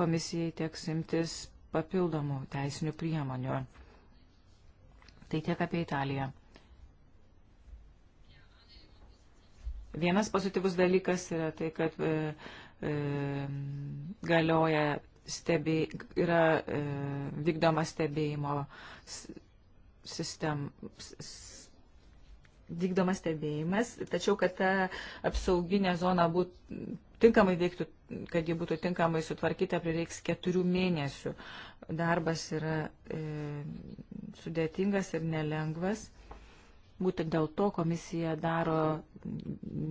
komisijai teks imtis papildomų teisinių priemonių. Tai tiek apie Italiją. Vienas pozityvus dalykas yra tai, kad e, e, galioja stebė, yra e, vykdoma stebėjimo sistem, vykdomas stebėjimas, tačiau kad ta apsauginė zona būt, tinkamai veiktų, kad ji būtų tinkamai sutvarkyta, prireiks keturių mėnesių. Darbas yra e, sudėtingas ir nelengvas. Būtent dėl to komisija daro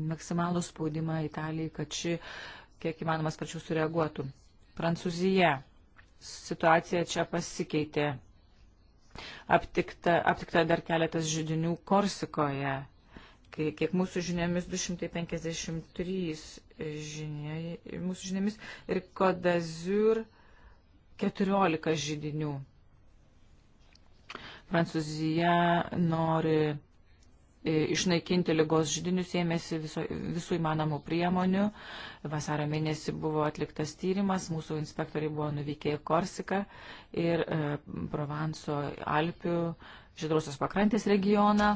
maksimalų spaudimą Italijai, kad ši kiek įmanoma sparčiau sureaguotų. Prancūzija. Situacija čia pasikeitė. Aptikta, aptikta dar keletas žydinių Korsikoje. Kai, kiek mūsų žiniomis 253 žinia, mūsų žiniomis ir Kodazur 14 žydinių. Prancūzija nori e, išnaikinti lygos žydinius, ėmėsi viso, visų įmanomų priemonių. Vasario mėnesį buvo atliktas tyrimas, mūsų inspektoriai buvo nuvykę į Korsiką ir e, Provanso Alpių žydrosios pakrantės regioną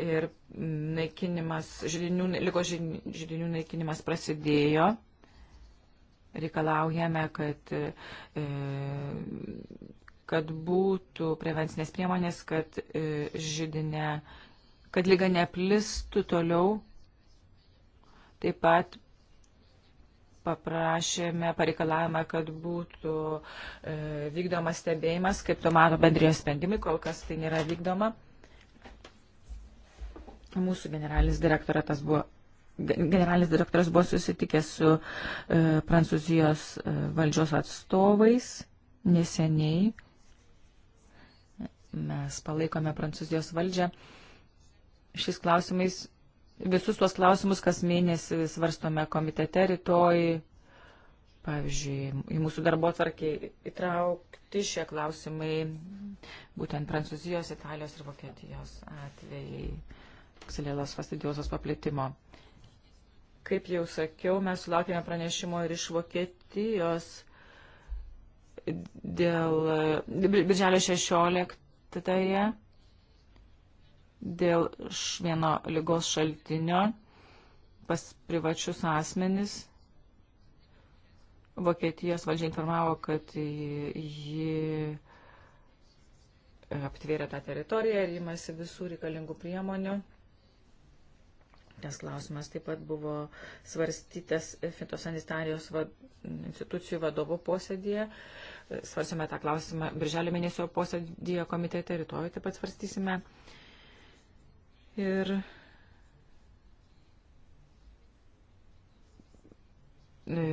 ir naikinimas, žydinių, lygos žydinių naikinimas prasidėjo. Reikalaujame, kad, e, kad būtų prevencinės priemonės, kad e, žydinė, kad lyga neplistų toliau. Taip pat paprašėme, pareikalavome, kad būtų e, vykdomas stebėjimas, kaip to mato bendrijos sprendimai, kol kas tai nėra vykdoma. E, Mūsų generalinis direktoratas buvo generalinis direktoras buvo susitikęs su e, prancūzijos e, valdžios atstovais neseniai. Mes palaikome prancūzijos valdžią. Šis klausimais, visus tuos klausimus kas mėnesį svarstome komitete rytoj. Pavyzdžiui, į mūsų darbo tvarkį įtraukti šie klausimai būtent Prancūzijos, Italijos ir Vokietijos atvejai ksilėlos fastidiozos paplitimo. Kaip jau sakiau, mes sulaukėme pranešimo ir iš Vokietijos dėl birželio 16-ąją dėl vieno lygos šaltinio pas privačius asmenis. Vokietijos valdžia informavo, kad ji aptvėrė tą teritoriją ir imasi visų reikalingų priemonių nes klausimas taip pat buvo svarstytas fitosanitarijos va, institucijų vadovo posėdėje. Svarsime tą klausimą birželio mėnesio posėdėje komitete, rytoj taip pat svarstysime. Ir e,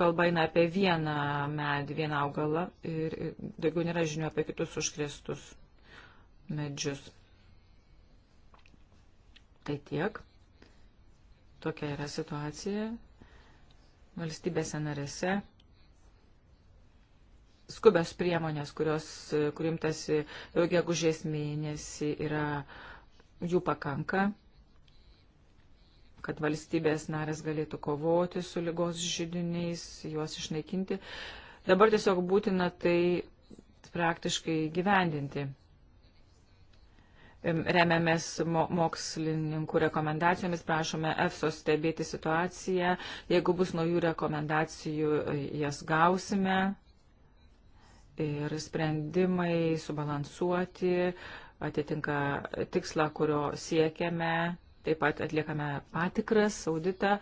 kalba eina apie vieną medį, vieną augalą ir daugiau nėra žinių apie kitus užkrėstus medžius. Tai tiek. Tokia yra situacija valstybėse narėse. Skubios priemonės, kurios kurimtasi gegužės mėnesį, yra jų pakanka, kad valstybės narės galėtų kovoti su lygos žydiniais, juos išnaikinti. Dabar tiesiog būtina tai praktiškai gyvendinti remiamės mokslininkų rekomendacijomis, prašome EFSO stebėti situaciją. Jeigu bus naujų rekomendacijų, e, jas gausime ir sprendimai subalansuoti atitinka tikslą, kurio siekiame. Taip pat atliekame patikras, auditą,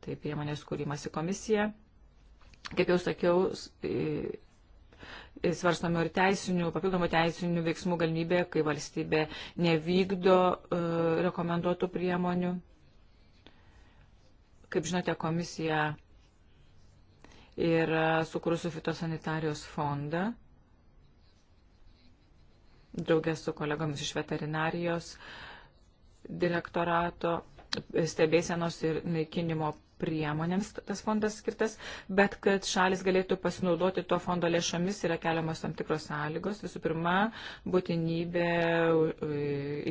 tai priemonės kūrimas į komisiją. Kaip jau sakiau, svarstome ir teisinių, papildomų teisinių veiksmų galimybė, kai valstybė nevykdo e, rekomenduotų priemonių. Kaip žinote, komisija yra sukūrusi fitosanitarijos fondą, draugės su kolegomis iš veterinarijos direktorato stebėsenos ir naikinimo priemonėms tas fondas skirtas, bet kad šalis galėtų pasinaudoti to fondo lėšomis yra keliamos tam tikros sąlygos. Visų pirma, būtinybė e,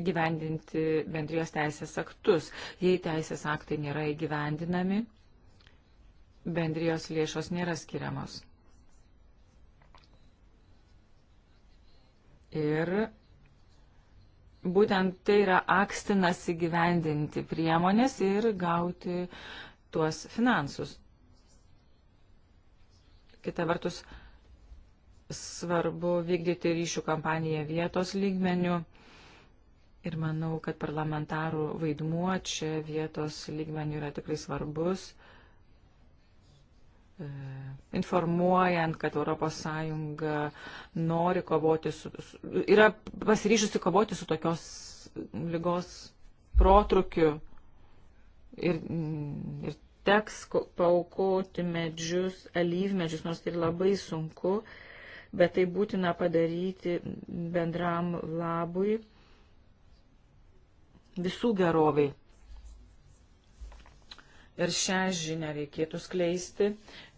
įgyvendinti bendrijos teisės aktus. Jei teisės aktai nėra įgyvendinami, bendrijos lėšos nėra skiriamos. Ir būtent tai yra akstinas įgyvendinti priemonės ir gauti tuos finansus. Kita vertus, svarbu vykdyti ryšių kampaniją vietos lygmenių ir manau, kad parlamentarų vaidmuo čia vietos lygmenių yra tikrai svarbus e, informuojant, kad ES nori kovoti su, yra pasiryžusi kovoti su tokios lygos protrukiu ir, mm, ir teks paukoti medžius, alyvmedžius, nors tai ir labai sunku, bet tai būtina padaryti bendram labui visų geroviai. Ir šią žinę reikėtų skleisti,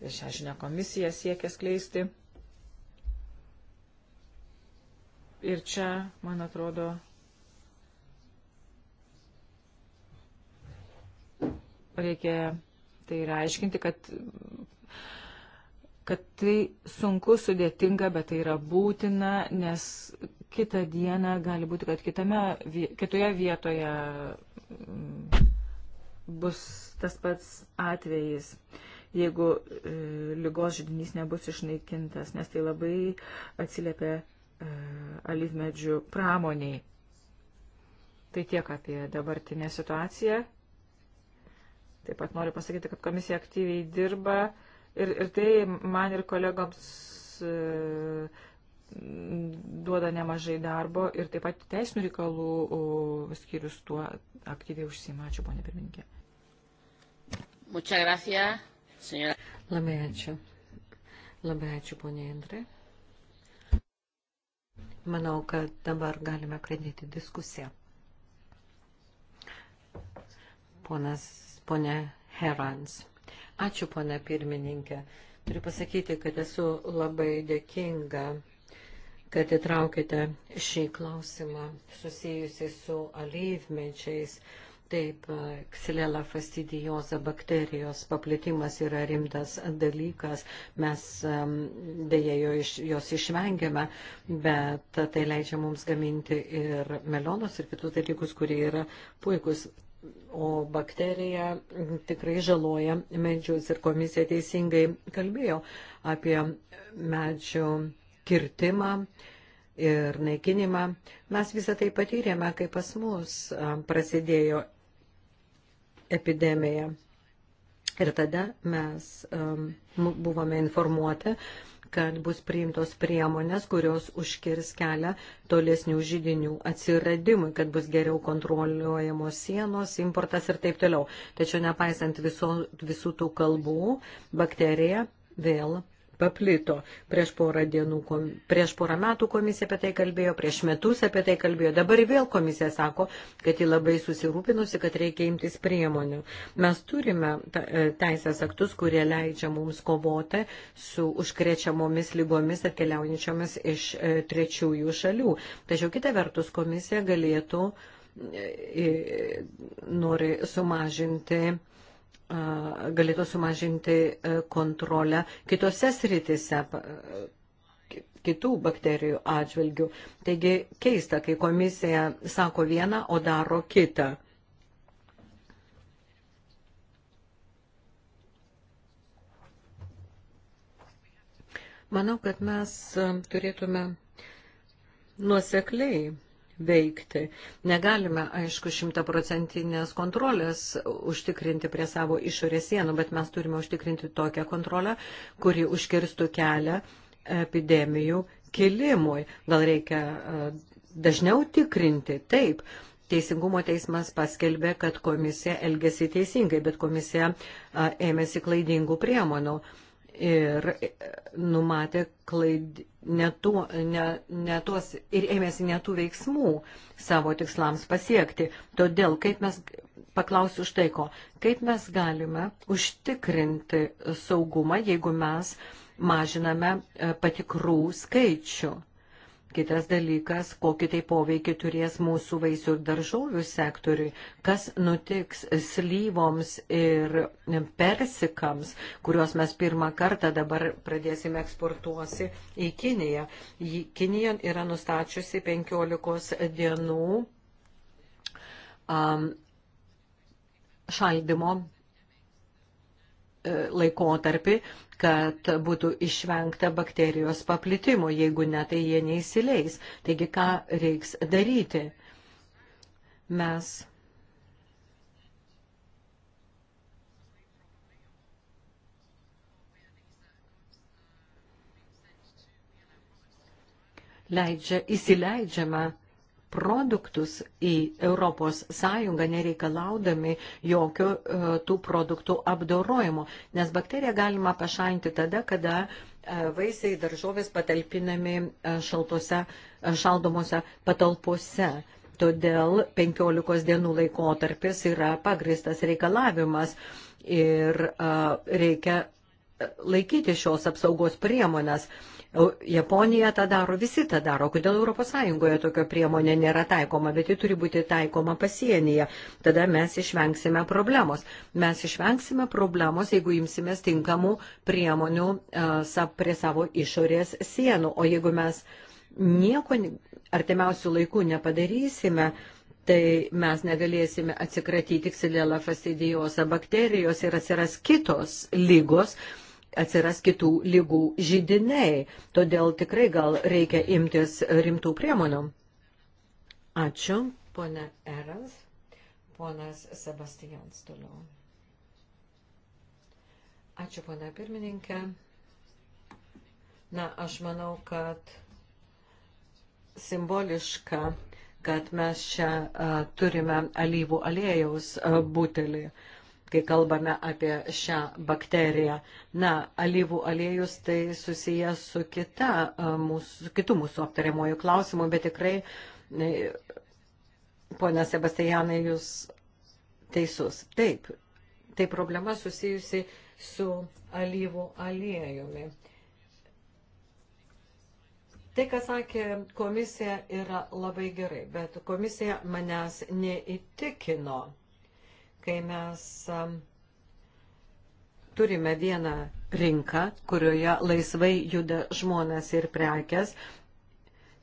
ir šią žinę komisija siekia skleisti. Ir čia, man atrodo, reikia tai reiškinti, kad, kad tai sunku, sudėtinga, bet tai yra būtina, nes kitą dieną gali būti, kad kitame, kitoje vietoje mm, bus tas pats atvejis jeigu e, lygos žydinys nebus išnaikintas, nes tai labai atsiliepia e, alyvmedžių pramoniai. Tai tiek apie dabartinę situaciją. Taip pat noriu pasakyti, kad komisija aktyviai dirba ir, ir tai man ir kolegoms e, duoda nemažai darbo ir taip pat teisinių reikalų skyrius tuo aktyviai užsima. Ačiū, ponė pirmininkė. Labai ačiū. Labai ačiū, ponė Andrė. Manau, kad dabar galime pradėti diskusiją. Ponas ponė Herans. Ačiū, ponė pirmininkė. Turiu pasakyti, kad esu labai dėkinga, kad įtraukite šį klausimą susijusi su alyvmečiais. Taip, ksilela fastidijoza bakterijos paplitimas yra rimtas dalykas, mes dėja jo iš, jos išvengiame, bet tai leidžia mums gaminti ir melonus ir kitus dalykus, kurie yra puikus o bakterija tikrai žaloja medžius ir komisija teisingai kalbėjo apie medžių kirtimą ir naikinimą. Mes visą tai patyrėme, kai pas mus prasidėjo epidemija. Ir tada mes um, buvome informuoti, uh, kad bus priimtos priemonės, kurios užkirs kelią tolesnių žydinių atsiradimui, kad bus geriau kontroliuojamos sienos, importas ir taip toliau. Tačiau nepaisant viso, visų tų kalbų, bakterija vėl paplito. Prieš porą, dienų, prieš porą metų komisija apie tai kalbėjo, prieš metus apie tai kalbėjo. Dabar vėl komisija sako, kad ji labai susirūpinusi, kad reikia imtis priemonių. Mes turime e, teisės aktus, kurie leidžia mums kovoti su užkrečiamomis lygomis atkeliaujančiomis iš e, trečiųjų šalių. Tačiau kita vertus komisija galėtų e, nori sumažinti galėtų sumažinti kontrolę kitose sritise kitų bakterijų atžvilgių. Taigi keista, kai komisija sako vieną, o daro kitą. Manau, kad mes turėtume nuosekliai veikti. Negalime, aišku, šimtaprocentinės kontrolės užtikrinti prie savo išorės sienų, bet mes turime užtikrinti tokią kontrolę, kuri užkirstų kelią epidemijų kilimui. Gal reikia e, dažniau tikrinti? Taip. Teisingumo teismas paskelbė, kad komisija elgėsi teisingai, bet komisija e, ėmėsi klaidingų priemonų ir e, numatė klaid, ne, tu, ne, ne tuos ir ėmėsi netų veiksmų savo tikslams pasiekti. Todėl, kaip mes, paklausiu štai ko, kaip mes galime užtikrinti saugumą, jeigu mes mažiname e, patikrų skaičių. Kitas dalykas, kokį tai poveikį turės mūsų vaisių ir daržovių sektoriui, kas nutiks slyvoms ir persikams, kuriuos mes pirmą kartą dabar pradėsime eksportuosi į Kiniją. Kinija yra nustačiusi 15 dienų um, šaldymo E, laikotarpį, kad būtų išvengta bakterijos paplitimo, jeigu ne, tai jie neįsileis. Taigi, ką reiks daryti? Mes leidžia, įsileidžiama produktus į Europos Sąjungą nereikalaudami jokio e, tų produktų apdorojimo, nes bakteriją galima pašalinti tada, kada e, vaisiai daržovės patalpinami e, šaltose, šaldomose patalpose. Todėl 15 dienų laikotarpis yra pagristas reikalavimas ir reikia laikyti šios apsaugos priemonės. Japonija tą daro, visi tą daro. Kodėl ES tokio priemonė nėra taikoma, bet ji turi būti taikoma pasienyje. Tada mes išvengsime problemos. Mes išvengsime problemos, jeigu imsimės tinkamų priemonių e, prie savo išorės sienų. O jeigu mes nieko artimiausių laikų nepadarysime, tai mes negalėsime atsikratyti ksilela fastidiosa bakterijos ir atsiras kitos lygos, atsiras kitų lygų žydiniai. Todėl tikrai gal reikia imtis rimtų priemonių. Ačiū, ponė Eras, ponas Sebastijans toliau. Ačiū, ponė pirmininkė. Na, aš manau, kad simboliška, kad mes čia a, turime alyvų aliejaus a, butelį. A, kai kalbame apie šią bakteriją. Na, alyvų aliejus tai susijęs su kita, e, mūsų, kitų mūsų aptariamojų klausimų, bet tikrai, e, ponia Sebastianai, jūs teisus. Taip, tai problema susijusi su alyvų aliejumi. Tai, ką sakė komisija, yra labai gerai, bet komisija manęs neįtikino kai mes turime vieną rinką, kurioje laisvai juda žmonės ir prekes,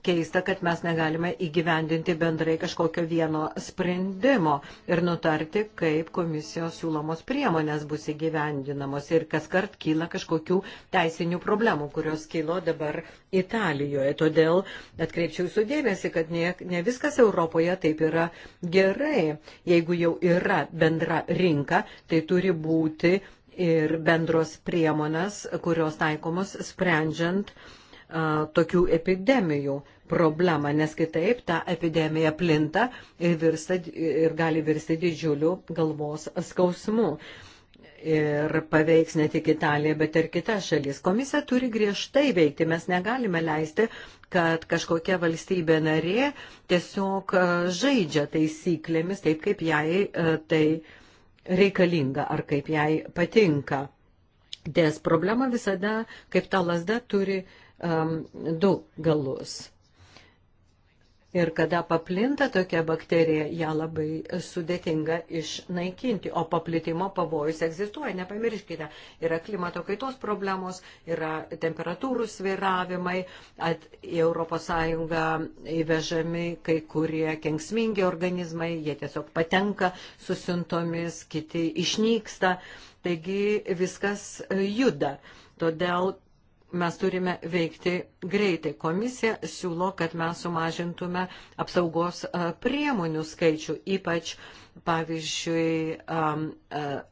keista, kad mes negalime įgyvendinti bendrai kažkokio vieno sprendimo ir nutarti, kaip komisijos siūlomos priemonės bus įgyvendinamos ir kas kart kyla kažkokių teisinių problemų, kurios kilo dabar Italijoje. Todėl atkreipčiau sudėmėsi, kad ne, ne viskas Europoje taip yra gerai. Jeigu jau yra bendra rinka, tai turi būti ir bendros priemonės, kurios taikomos sprendžiant uh, tokių epidemijų problemą, nes kitaip ta epidemija plinta ir, virsta, ir gali virsti didžiuliu galvos skausmu. Ir paveiks ne tik Italiją, bet ir kitas šalis. Komisija turi griežtai veikti. Mes negalime leisti, kad kažkokia valstybė narė tiesiog žaidžia taisyklėmis taip, kaip jai tai reikalinga ar kaip jai patinka. Nes problema visada, kaip ta lasda, turi uh, um, du galus. Ir kada paplinta tokia bakterija, ją labai sudėtinga išnaikinti, o paplitimo pavojus egzistuoja, nepamirškite. Yra klimato kaitos problemos, yra temperatūrų sviravimai, at, į ES įvežami kai kurie kengsmingi organizmai, jie tiesiog patenka su siuntomis, kiti išnyksta, taigi viskas juda. Todėl mes turime veikti greitai. Komisija siūlo, kad mes sumažintume apsaugos priemonių skaičių, ypač, pavyzdžiui,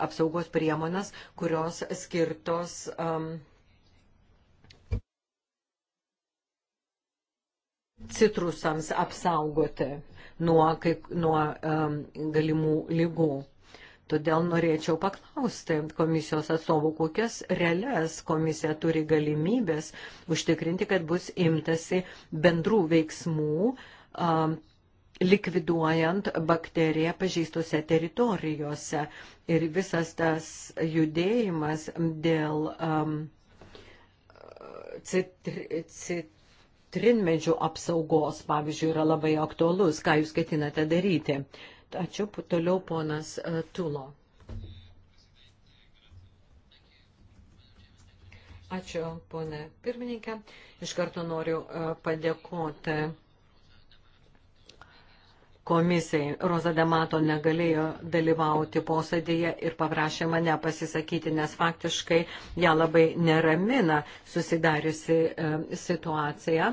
apsaugos priemonės, kurios skirtos. citrusams apsaugoti nuo, kaip, nuo um, galimų lygų. Todėl norėčiau paklausti komisijos atstovų, kokias realias komisija turi galimybės užtikrinti, kad bus imtasi bendrų veiksmų um, likviduojant bakteriją pažįstose teritorijose. Ir visas tas judėjimas dėl um, citri, citri, trinmedžių apsaugos, pavyzdžiui, yra labai aktuolus. Ką jūs ketinate daryti? Uh, Ačiū. Toliau ponas e, Tulo. Ačiū, ponė pirmininkė. Iš karto noriu e, padėkoti komisijai. Roza Demato negalėjo dalyvauti posėdėje ir paprašė mane pasisakyti, nes faktiškai ją labai neramina susidariusi e, situacija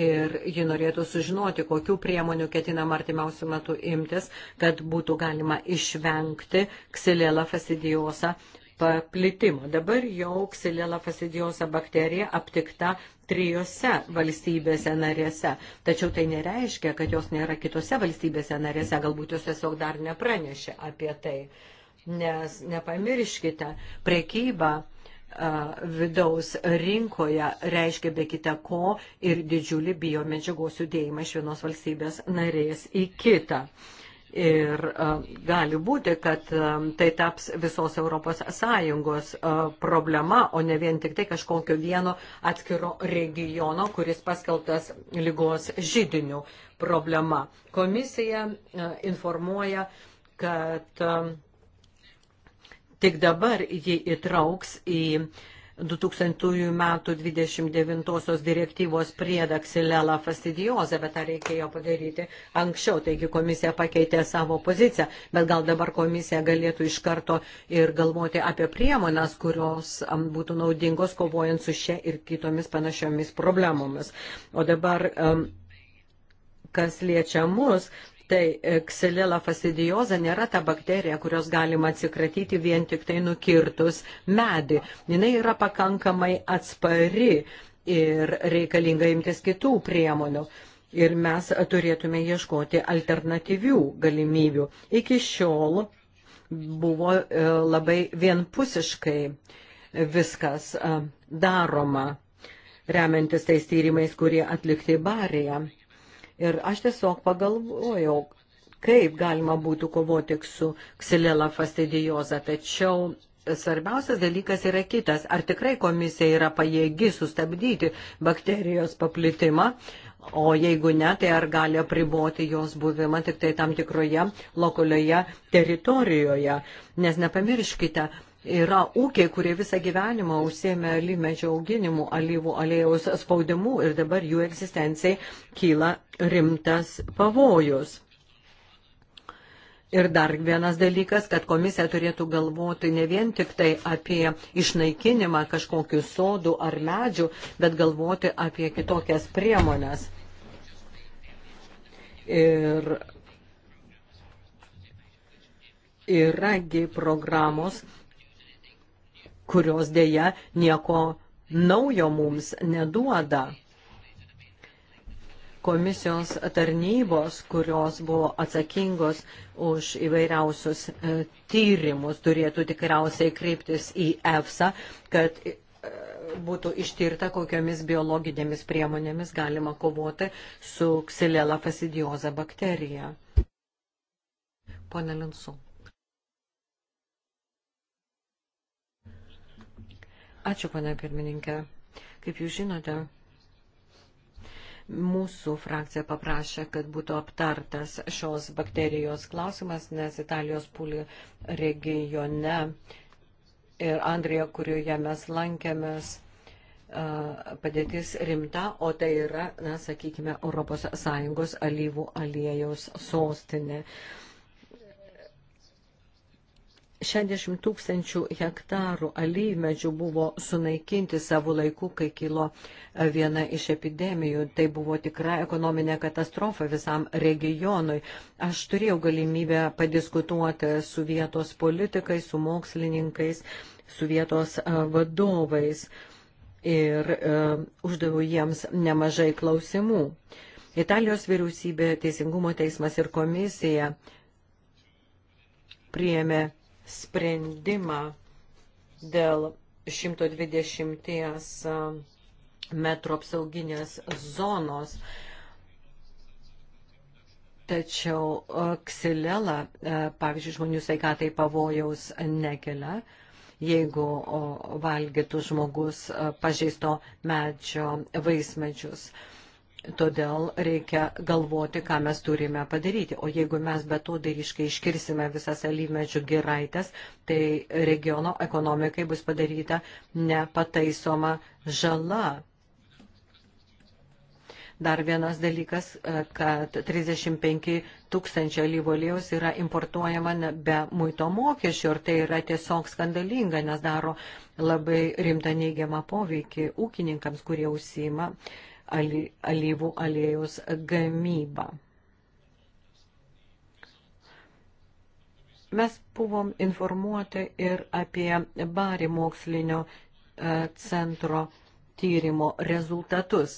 ir ji norėtų sužinoti, kokiu priemoniu ketinam artimiausių metų imtis, kad būtų galima išvengti ksilela fasidijosa paplitimo. Dabar jau ksilila fasidiosa bakterija aptikta trijose valstybėse narėse. Tačiau tai nereiškia, kad jos nėra kitose valstybėse narėse, galbūt jos tiesiog dar nepranešė apie tai. Nes nepamirškite, prekyba vidaus rinkoje reiškia be kita ko ir didžiulį biomedžiagos judėjimą iš vienos valstybės narės į kitą. Uh, Ir e, gali būti, kad e, tai taps visos ES e, problema, o ne vien tik tai kažkokio vieno atskiro regiono, kuris paskeltas lygos žydinių problema. Komisija informuoja, kad tik dabar jį įtrauks į uh, 2000 metų 29 direktyvos priedą ksilela fastidioza, bet tą reikėjo padaryti anksčiau, taigi komisija pakeitė savo poziciją, bet gal dabar komisija galėtų iš karto ir galvoti apie priemonas, kurios būtų naudingos kovojant su šia ir kitomis panašiomis problemomis. O dabar, kas liečia mus, tai Xylella e, fastidioza nėra ta bakterija, kurios galima atsikratyti vien tik tai nukirtus medį. Jis yra pakankamai atspari ir reikalinga imtis kitų priemonių. Ir mes turėtume ieškoti alternatyvių galimybių. Iki šiol buvo e, labai vienpusiškai viskas e, daroma, remiantis tais tyrimais, kurie atlikti barėje. Ir aš tiesiog pagalvojau, kaip galima būtų kovoti su ksilela fastidijoza, tačiau svarbiausias dalykas yra kitas. Ar tikrai komisija yra pajėgi sustabdyti bakterijos paplitimą, o jeigu ne, tai ar gali apriboti jos buvimą tik tai tam tikroje lokalioje teritorijoje. Nes nepamirškite, Yra ūkiai, kurie visą gyvenimą užsėmė alimedžio auginimu, alyvų aliejaus spaudimu ir dabar jų egzistencijai kyla rimtas pavojus. Ir dar vienas dalykas, kad komisija turėtų galvoti ne vien tik tai apie išnaikinimą kažkokių sodų ar medžių, bet galvoti apie kitokias priemonės. Ir yragi programos, kurios dėja nieko naujo mums neduoda. Komisijos tarnybos, kurios buvo atsakingos už įvairiausius e, tyrimus, turėtų tikriausiai kreiptis į EFSA, kad e, būtų ištirta, kokiamis biologinėmis priemonėmis galima kovoti su ksilela fasidioza bakterija. Pone Linsu. Ačiū, pana pirmininkė. Kaip jūs žinote, mūsų frakcija paprašė, kad būtų aptartas šios bakterijos klausimas, nes Italijos pūlį regione ir Andrija, kurioje mes lankėmės, padėtis rimta, o tai yra, na, sakykime, ES alyvų aliejaus sostinė. 60 tūkstančių hektarų alyvmedžių buvo sunaikinti savo laiku, kai kilo e, viena iš epidemijų. Tai buvo tikra ekonominė katastrofa visam regionui. Aš turėjau galimybę padiskutuoti su vietos politikais, su mokslininkais, su vietos e, vadovais ir uh, uždaviau jiems nemažai klausimų. Italijos vyriausybė, Teisingumo teismas ir komisija priėmė sprendimą dėl 120 metrų apsauginės zonos. Tačiau ksilela, pavyzdžiui, žmonių sveikatai pavojaus nekelia, jeigu valgytų žmogus pažeisto medžio vaismedžius. Todėl reikia galvoti, ką mes turime padaryti. O jeigu mes betodariškai iškirsime visas alyvmedžių giraitės, tai regiono ekonomikai bus padaryta nepataisoma žala. Dar vienas dalykas, kad 35 tūkstančių alyvo aliejus yra importuojama be muito mokesčių ir tai yra tiesiog skandalinga, nes daro labai rimtą neigiamą poveikį ūkininkams, kurie užsima uh, alyvų aliejus gamybą. Mes buvom informuoti ir apie Bari mokslinio e, centro tyrimo rezultatus,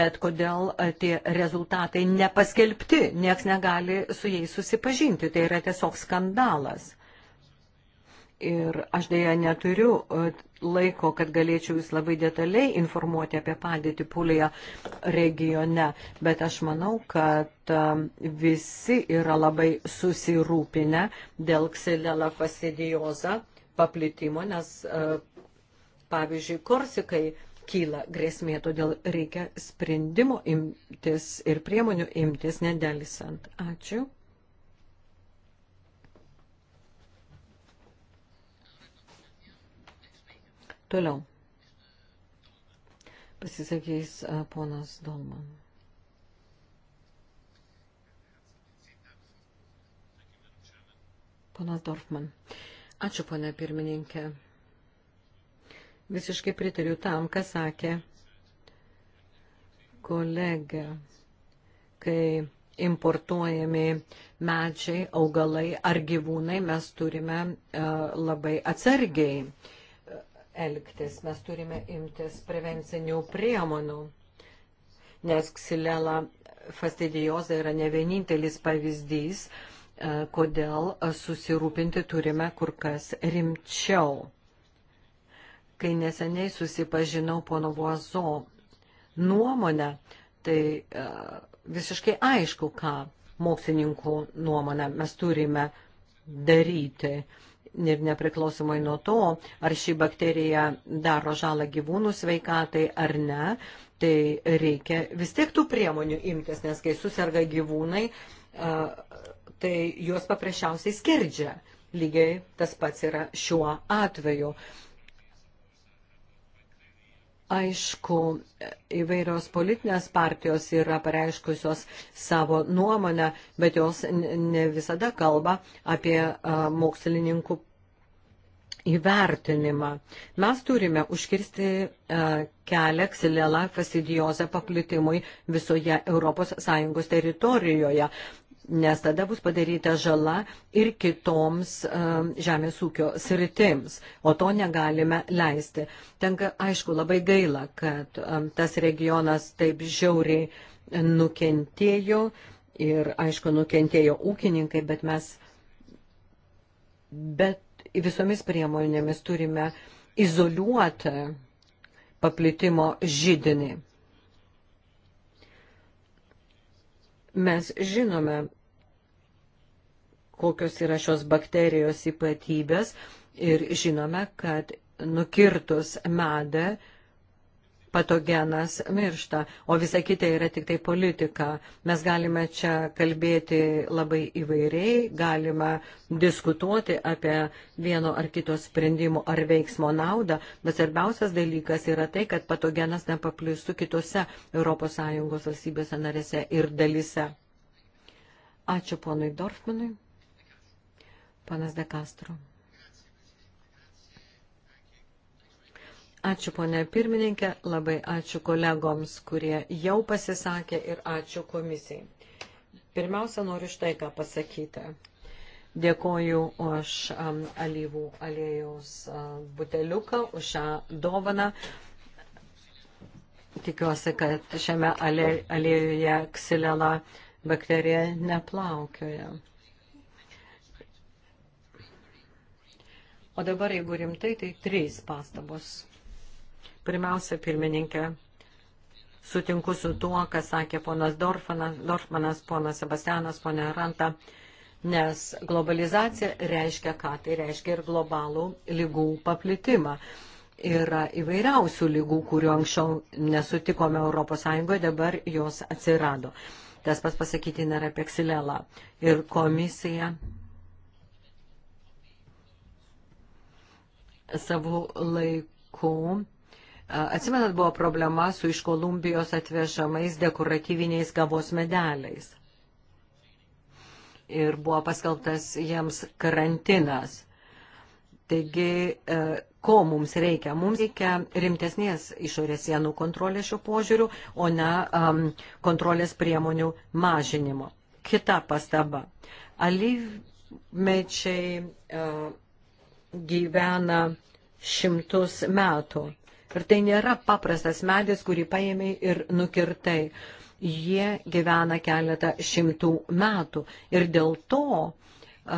bet kodėl e, tie rezultatai nepaskelbti, nieks negali su jais susipažinti, tai yra tiesiog skandalas. Ir aš dėja neturiu e, laiko, kad galėčiau jūs labai detaliai informuoti apie padėtį Pulėje regione, bet aš manau, kad e, visi yra labai susirūpinę dėl ksilela fastidijoza paplitimo, nes e, pavyzdžiui, Korsikai kyla grėsmė, todėl reikia sprendimo imtis ir priemonių imtis nedelisant. Ačiū. Toliau. Pasisakys ponas Dolman. Ponas Dorfman. Ačiū, ponė pirmininkė. Visiškai pritariu tam, ką sakė kolega, kai importuojami medžiai, augalai ar gyvūnai, mes turime uh, labai atsargiai uh, elgtis, mes turime imtis prevencinių priemonų, nes ksilela fastidijoza yra ne vienintelis pavyzdys, e, kodėl susirūpinti turime kur kas rimčiau. Kai neseniai susipažinau pono Vuozo nuomonę, tai e, visiškai aišku, ką mokslininkų nuomonę mes turime daryti ir nepriklausomai nuo to, ar ši bakterija daro žalą gyvūnų sveikatai ar ne, tai reikia vis tiek tų priemonių imtis, nes kai susirga gyvūnai, tai juos paprasčiausiai skerdžia. Lygiai tas pats yra šiuo atveju. Aišku, įvairios politinės partijos yra pareiškusios savo nuomonę, bet jos ne visada kalba apie mokslininkų įvertinimą. Mes turime užkirsti kelią ksilela fastidijozę paplitimui visoje ES teritorijoje nes tada bus padaryta žala ir kitoms um, žemės ūkio sritims, o to negalime leisti. Tenka, aišku, labai gaila, kad um, tas regionas taip žiauriai nukentėjo ir, aišku, nukentėjo ūkininkai, bet mes bet visomis priemonėmis turime izoliuoti paplitimo žydinį. Mes žinome, kokios yra šios bakterijos ypatybės ir žinome, kad nukirtus medą patogenas miršta, o visa kita yra tik tai politika. Mes galime čia kalbėti labai įvairiai, galima diskutuoti apie vieno ar kito sprendimo ar veiksmo naudą, bet svarbiausias dalykas yra tai, kad patogenas nepaplistų kitose ES valstybėse narėse ir dalise. Ačiū ponui Dorfmanui. Panas De Castro. Ačiū, ponė pirmininkė, labai ačiū kolegoms, kurie jau pasisakė ir ačiū komisijai. Pirmiausia, noriu štai ką pasakyti. Dėkoju už um, alyvų aliejaus uh, buteliuką, už šią dovaną. Tikiuosi, kad šiame aliejuje ksilela bakterija neplaukioja. O dabar, jeigu rimtai, tai trys pastabos. Pirmiausia, pirmininkė, sutinku su tuo, ką sakė ponas Dorfanas, Dorfmanas, ponas Sebastianas, ponė Ranta, nes globalizacija reiškia ką? Tai reiškia ir globalų lygų paplitimą yra įvairiausių lygų, kurių anksčiau nesutikome ES, dabar jos atsirado. Tas pas pasakyti nėra apie ksilelą. Ir komisija savų laikų. Atsimenat, buvo problema su iš Kolumbijos atvežamais dekoratyviniais gavos medeliais. Ir buvo paskelbtas jiems karantinas. Taigi, e, ko mums reikia? Mums reikia rimtesnės išorės sienų kontrolės šiuo požiūriu, o ne um, kontrolės priemonių mažinimo. Kita pastaba. Alyvmečiai uh, gyvena šimtus metų. Ir tai nėra paprastas medis, kurį paėmė ir nukirtai. Jie gyvena keletą šimtų metų. Ir dėl to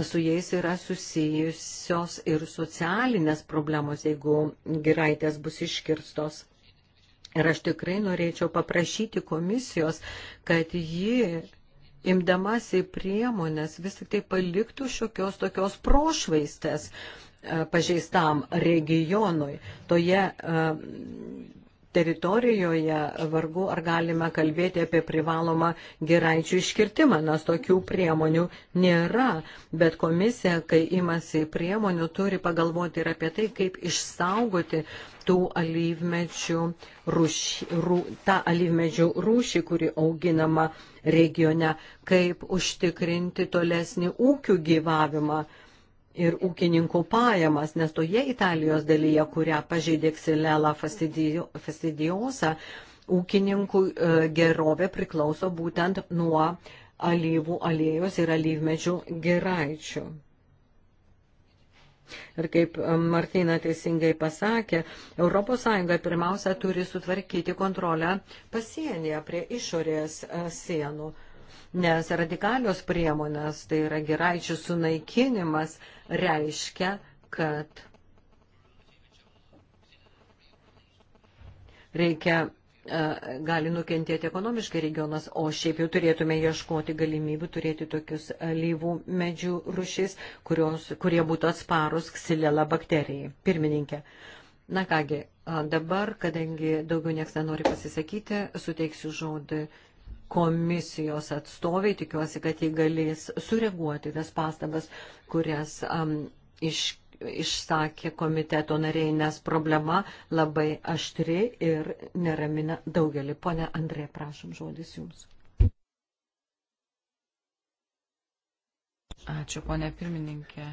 su jais yra susijusios ir socialinės problemos, jeigu giraitės bus iškirstos. Ir aš tikrai norėčiau paprašyti komisijos, kad ji, imdamasi priemonės, vis tik tai paliktų šiokios tokios prošvaistės E, pažeistam regionui, toje e, teritorijoje vargu ar galime kalbėti apie privalomą geraičių iškirtimą, nes tokių priemonių nėra. Bet komisija, kai imasi priemonių, turi pagalvoti ir apie tai, kaip išsaugoti tų alyvmečių rūšį, rū, tą alyvmedžių rūšį, kuri auginama regione, kaip užtikrinti tolesnį ūkių gyvavimą ir ūkininkų pajamas, nes toje Italijos dalyje, kurią pažeidė Ksilela fastidiosa, ūkininkų e, gerovė priklauso būtent nuo alyvų aliejus ir alyvmedžių geraičių. Ir kaip e, Martina teisingai pasakė, ES pirmiausia turi sutvarkyti kontrolę pasienyje prie išorės e, sienų. Uh, nes radikalios priemonės, tai yra geraičių sunaikinimas, reiškia, kad reikia e, gali nukentėti ekonomiškai regionas, o šiaip jau turėtume ieškoti galimybių turėti tokius alyvų medžių rušys, kurios, kurie būtų atsparus ksilela bakterijai. Pirmininkė. Na kągi, dabar, kadangi daugiau niekas nenori pasisakyti, suteiksiu žodį komisijos atstoviai. Tikiuosi, kad jie galės sureaguoti tas pastabas, kurias um, iš, išsakė komiteto nariai, nes problema labai aštri ir neramina daugelį. Pone Andrė, prašom žodis jums. Ačiū, ponė pirmininkė.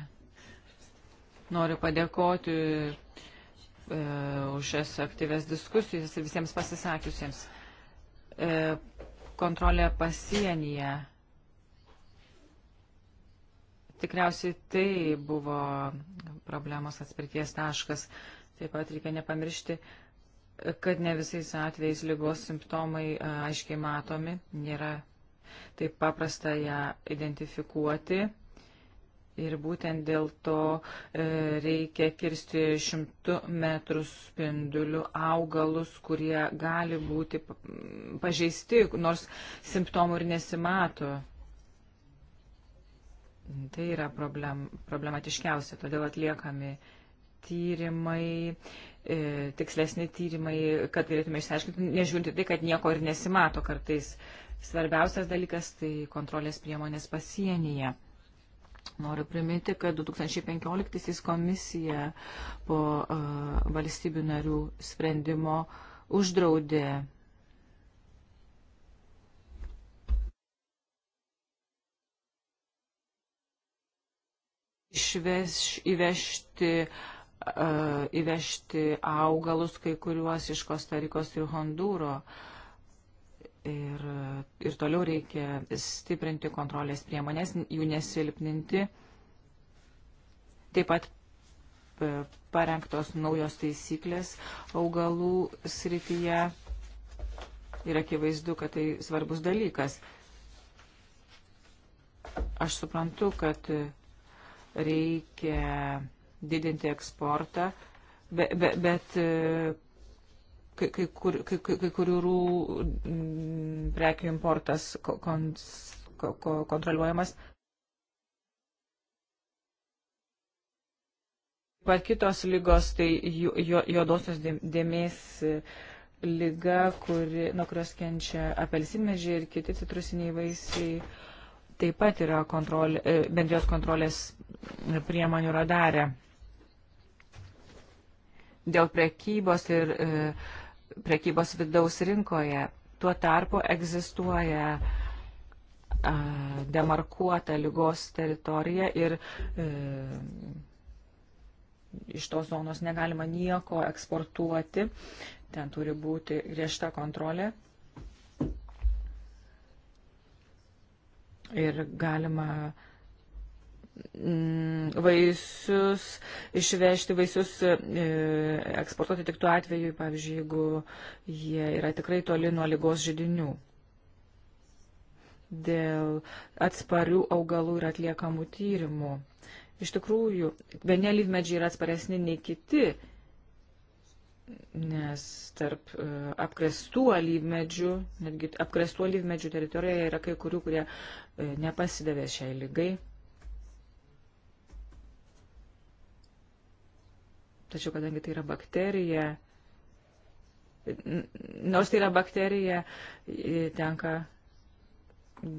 Noriu padėkoti e, už šias aktyves diskusijas ir visiems pasisakiusiems. E, kontrolė pasienyje. Tikriausiai tai buvo problemos atspirties taškas. Taip pat reikia nepamiršti, kad ne visais atvejais lygos simptomai e, aiškiai matomi, nėra taip paprasta ją identifikuoti Ir būtent dėl to e, reikia kirsti šimtų metrų spindulių augalus, kurie gali būti pažeisti, nors simptomų ir nesimato. Tai yra problem, problematiškiausia, todėl atliekami tyrimai, e, tikslesni tyrimai, kad galėtume išsiaiškinti, nežiūrinti tai, kad nieko ir nesimato kartais. Svarbiausias dalykas tai kontrolės priemonės pasienyje. Noriu priminti, kad 2015 komisija po uh, valstybių narių sprendimo uždraudė išveš, įvežti, uh, įvežti augalus kai kuriuos iš Kostarikos ir Hondūro. Uh, Ir, ir toliau reikia stiprinti kontrolės priemonės, jų nesilpninti. Taip pat e, parengtos naujos taisyklės augalų srityje. Ir akivaizdu, kad tai svarbus dalykas. Aš suprantu, kad reikia didinti eksportą, bet, bet, bet kai, kai, kur, kai, kai kurių mm, prekių importas kons, kontroliuojamas. Pat kitos lygos, tai juodosios dėmės lyga, kuri, nuo kurios kenčia apelsinmežiai ir kiti citrusiniai vaisiai, taip pat yra kontrolė, e, bendrijos kontrolės priemonių radarė. Dėl prekybos ir e, prekybos vidaus rinkoje. Tuo tarpu egzistuoja demarkuota lygos teritorija ir e, iš tos zonos negalima nieko eksportuoti. Ten turi būti griežta kontrolė. Ir galima e, Mm, vaisius, išvežti vaisius, e, eksportuoti tik tuo atveju, pavyzdžiui, jeigu jie yra tikrai toli nuo lygos žydinių. Dėl atsparių augalų ir atliekamų tyrimų. Iš tikrųjų, vieni lydmedžiai yra atsparesni nei kiti, nes tarp uh, apkrestų alyvmedžių, netgi apkrestų alyvmedžių teritorijoje yra kai kurių, kurie uh, nepasidavė šiai lygai. Tačiau kadangi tai yra bakterija, nors tai yra bakterija, tenka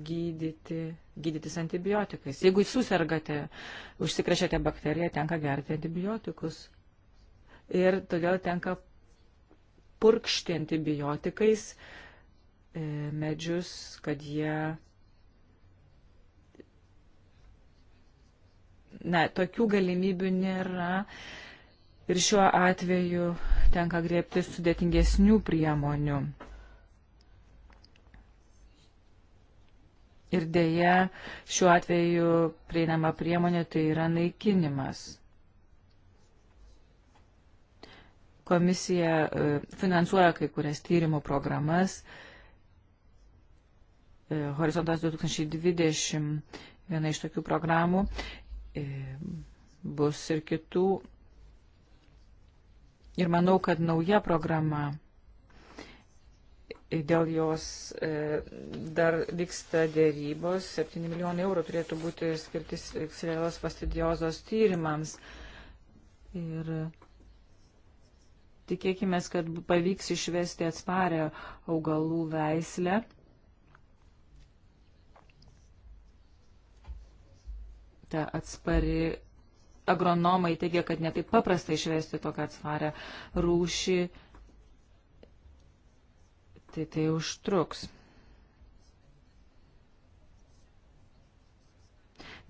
gydyti, gydytis antibiotikais. Jeigu susirgate, užsikrešėte bakteriją, tenka gerti antibiotikus. Ir todėl tenka purkšti antibiotikais e, medžius, kad jie na, tokių galimybių nėra ir šiuo atveju tenka griebti sudėtingesnių priemonių. Ir dėja, šiuo atveju prieinama priemonė tai yra naikinimas. Komisija e, finansuoja kai kurias tyrimų programas. E, Horizontas 2020 viena iš tokių programų. E, bus ir kitų Ir manau, kad nauja programa, dėl jos e, dar vyksta dėrybos, 7 milijonai eurų turėtų būti skirti ksirelos fastidiozos tyrimams. Ir tikėkime, kad pavyks išvesti atsparę augalų veislę. Ta atspari agronomai teigia, kad netaip paprasta išvesti tokią atsvarę rūšį, tai tai užtruks.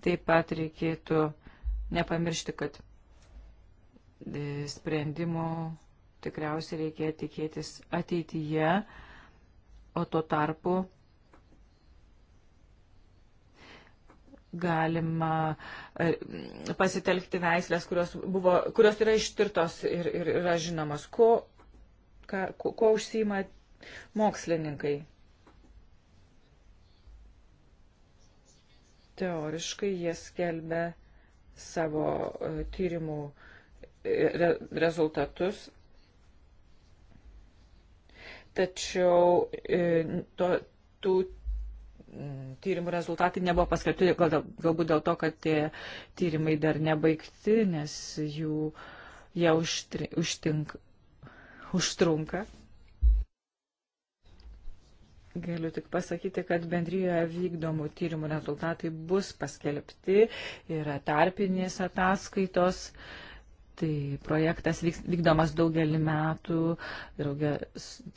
Taip pat reikėtų nepamiršti, kad e, sprendimų tikriausiai reikėjo tikėtis ateityje, o tuo tarpu galima e, pasitelkti veislės, kurios, buvo, kurios yra ištirtos ir, ir yra žinomos. Ko, ką, ko, ko užsima mokslininkai? Teoriškai jie skelbia savo e, tyrimų e, re, rezultatus. Tačiau to, tų Mm, tyrimų rezultatai nebuvo paskelbti, gal, galbūt dėl to, kad tie tyrimai dar nebaigti, nes jų, jie užtri, užtink, užtrunka. Galiu tik pasakyti, kad bendryjoje vykdomų tyrimų rezultatai bus paskelbti, yra tarpinės ataskaitos. Tai projektas vyks, vykdomas daugelį metų, draugė,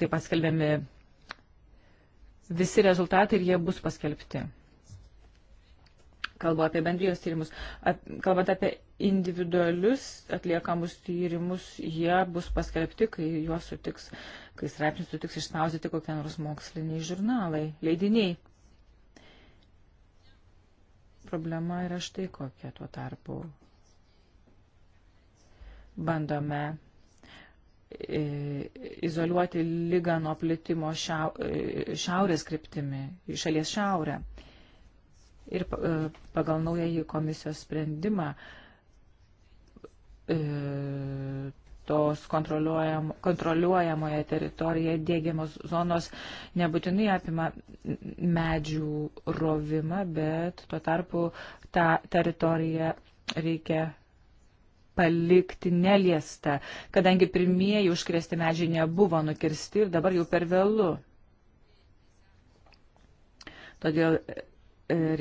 taip pat skelbiami visi rezultatai ir jie bus paskelbti. Kalbu apie bendrijos tyrimus. At, kalbant apie individualius atliekamus tyrimus, jie bus paskelbti, kai juos sutiks, kai straipsnius sutiks išspausdyti kokie nors moksliniai žurnalai, leidiniai. Problema yra štai kokia tuo tarpu. Bandome E, izoliuoti lygą nuo plitimo e, šiaurės kryptimi, šalies šiaurę. Ir e, pagal naująjį komisijos sprendimą tos kontroliuojam, kontroliuojamoje teritorijoje dėgiamos zonos nebūtinai apima medžių rovimą, bet tuo tarpu tą teritoriją reikia palikti neliesta, kadangi pirmieji užkrėsti medžiai nebuvo nukirsti ir dabar jau per vėlų. Todėl e,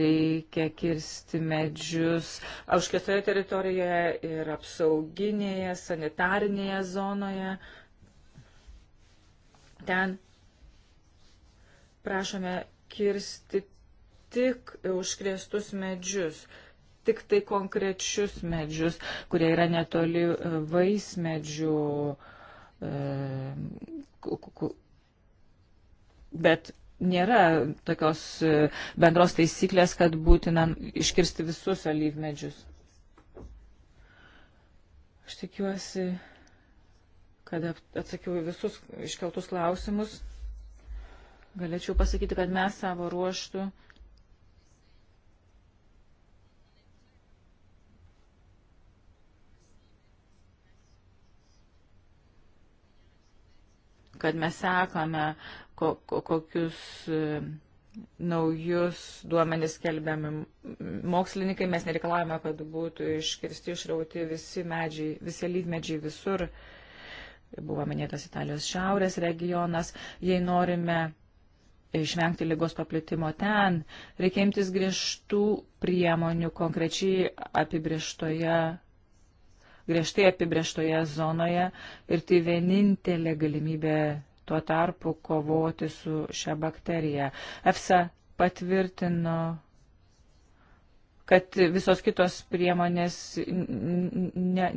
reikia kirsti medžius užkėstoje teritorijoje ir apsauginėje, sanitarinėje zonoje. Ten prašome kirsti tik užkrėstus medžius tik tai konkrečius medžius, kurie yra netoli e, vaismedžių. E, Bet nėra tokios e, bendros taisyklės, kad būtina iškirsti visus alyvmedžius. Aš tikiuosi, kad atsakiau visus iškeltus klausimus. Galėčiau pasakyti, kad mes savo ruoštų kad mes sekame, ko, ko, kokius e, naujus duomenis kelbiami mokslininkai, mes nereikalavome, kad būtų iškirsti, išrauti visi medžiai, visi lydmedžiai visur. Buvo minėtas Italijos šiaurės regionas. Jei norime išvengti lygos paplitimo ten, reikia imtis griežtų priemonių konkrečiai apibrieštoje griežtai apibrieštoje zonoje ir tai vienintelė galimybė tuo tarpu kovoti su šią bakteriją. EFSA patvirtino, kad visos kitos priemonės ne,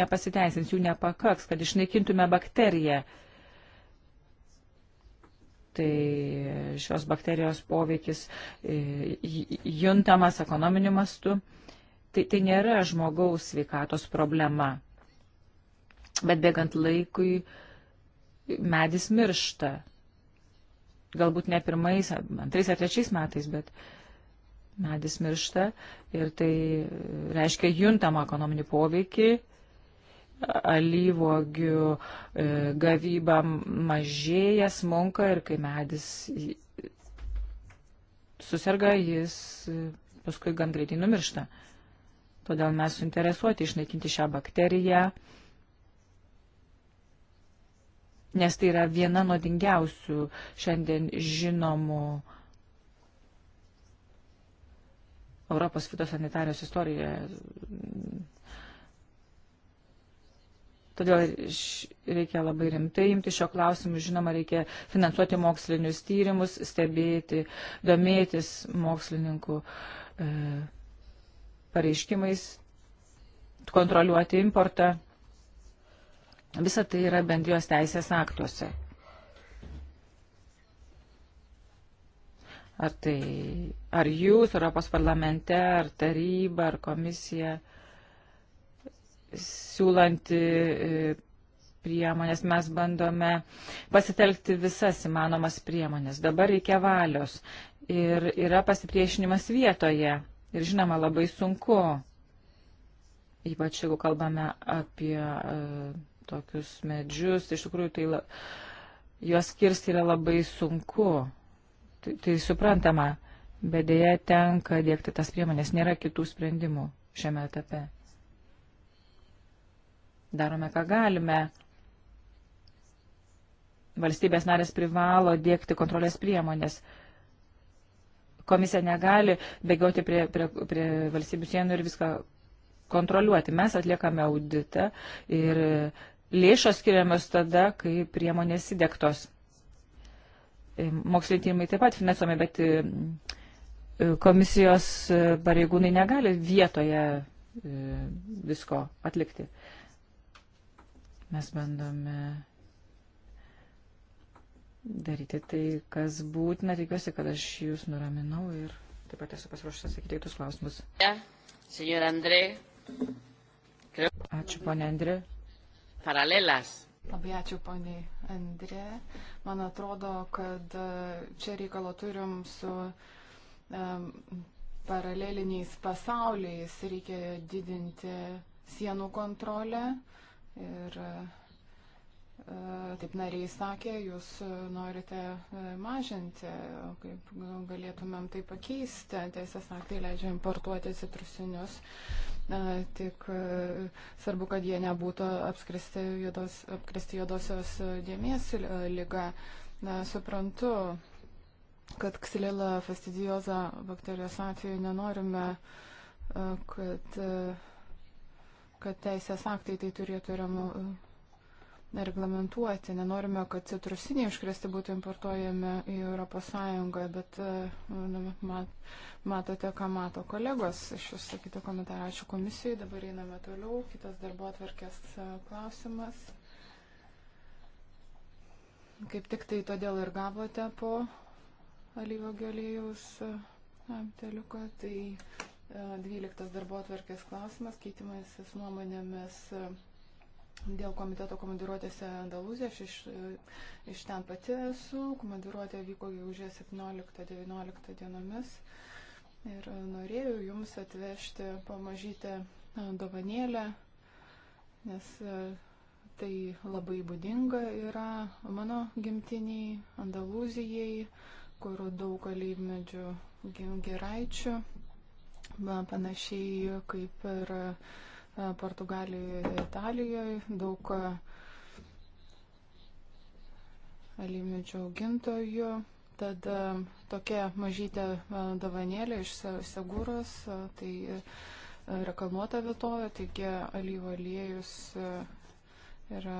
nepasiteisins, jų nepakaks, kad išnaikintume bakteriją. Tai šios bakterijos poveikis e, juntamas ekonominiu mastu. Tai, tai nėra žmogaus sveikatos problema. Bet bėgant laikui medis miršta. Galbūt ne pirmais, antrais ar trečiais metais, bet medis miršta ir tai reiškia juntamą ekonominį poveikį alyvogių e, gavyba mažėja, smunka ir kai medis susirga, jis e, paskui gan greitai numiršta. Todėl mes suinteresuoti išnaikinti šią bakteriją, nes tai yra viena nuodingiausių šiandien žinomų Europos fitosanitarijos istorijoje. Todėl reikia labai rimtai imti šio klausimu, žinoma, reikia finansuoti mokslinius tyrimus, stebėti, domėtis mokslininkų e, pareiškimais, kontroliuoti importą. Visa tai yra bendrijos teisės aktuose. Ar tai, ar jūs, Europos parlamente, ar taryba, ar komisija siūlanti e, priemonės, mes bandome pasitelkti visas įmanomas priemonės. Dabar reikia valios ir yra pasipriešinimas vietoje. Ir žinoma, labai sunku, ypač jeigu kalbame apie e, tokius medžius, iš tikrųjų tai la, juos kirsti yra labai sunku. Tai, tai suprantama, bet dėja tenka dėkti tas priemonės, nėra kitų sprendimų šiame etape. Darome, ką galime. Valstybės narės privalo dėkti kontrolės priemonės. Komisija negali bėgioti prie, prie, prie valstybių sienų ir viską kontroliuoti. Mes atliekame auditą ir lėšos skiriamos tada, kai priemonės įdėktos. E, moksliniai tyrimai taip pat finansuomi, bet e, komisijos pareigūnai negali vietoje e, visko atlikti. Mes bandome daryti tai, kas būtina. Tikiuosi, kad aš jūs nuraminau ir taip pat esu pasiruošęs atsakyti kitus klausimus. Ačiū, ponė Andrė. Paralelas. Labai ačiū, ponė Andrė. Man atrodo, kad e, čia reikalo turim su um, paraleliniais pasauliais. Reikia didinti sienų kontrolę ir uh, Taip nariai sakė, jūs e, norite e, mažinti, kaip galėtumėm tai pakeisti. Teisės aktai leidžia importuoti citrusinius, tik e, svarbu, kad jie nebūtų apskristi, juodos, apskristi juodosios dėmės lyga. Na, suprantu, kad ksilila fastidijoza bakterijos atveju nenorime, kad, kad teisės aktai tai turėtų remu, reglamentuoti. Nenorime, kad citrusiniai užkresti būtų importuojami į ES, bet e, nu, mat, matote, ką mato kolegos iš jūsų sakyto komentarą. Ačiū komisijai, dabar einame toliau. Kitas darbo atvarkės e, klausimas. Kaip tik tai todėl ir gavote po alyvo galėjus e, apteliuką, tai 12 darbo atvarkės klausimas, keitimasis nuomonėmis. A, dėl komiteto komandiruotėse Andalūzija, aš iš, e, iš ten pati esu, komandiruotė vyko gegužės 17-19 dienomis ir e, norėjau jums atvežti pamažytę e, dovanėlę, nes tai labai būdinga yra mano gimtiniai Andalūzijai, kur daug kalybmedžių geraičių, panašiai kaip ir Portugalijoje, Italijoje, daug e, alyvmedžių augintojų. Tad e, tokia mažytė e, davanėlė iš Segūros, tai reklamuota vietovė, taigi alyvo aliejus yra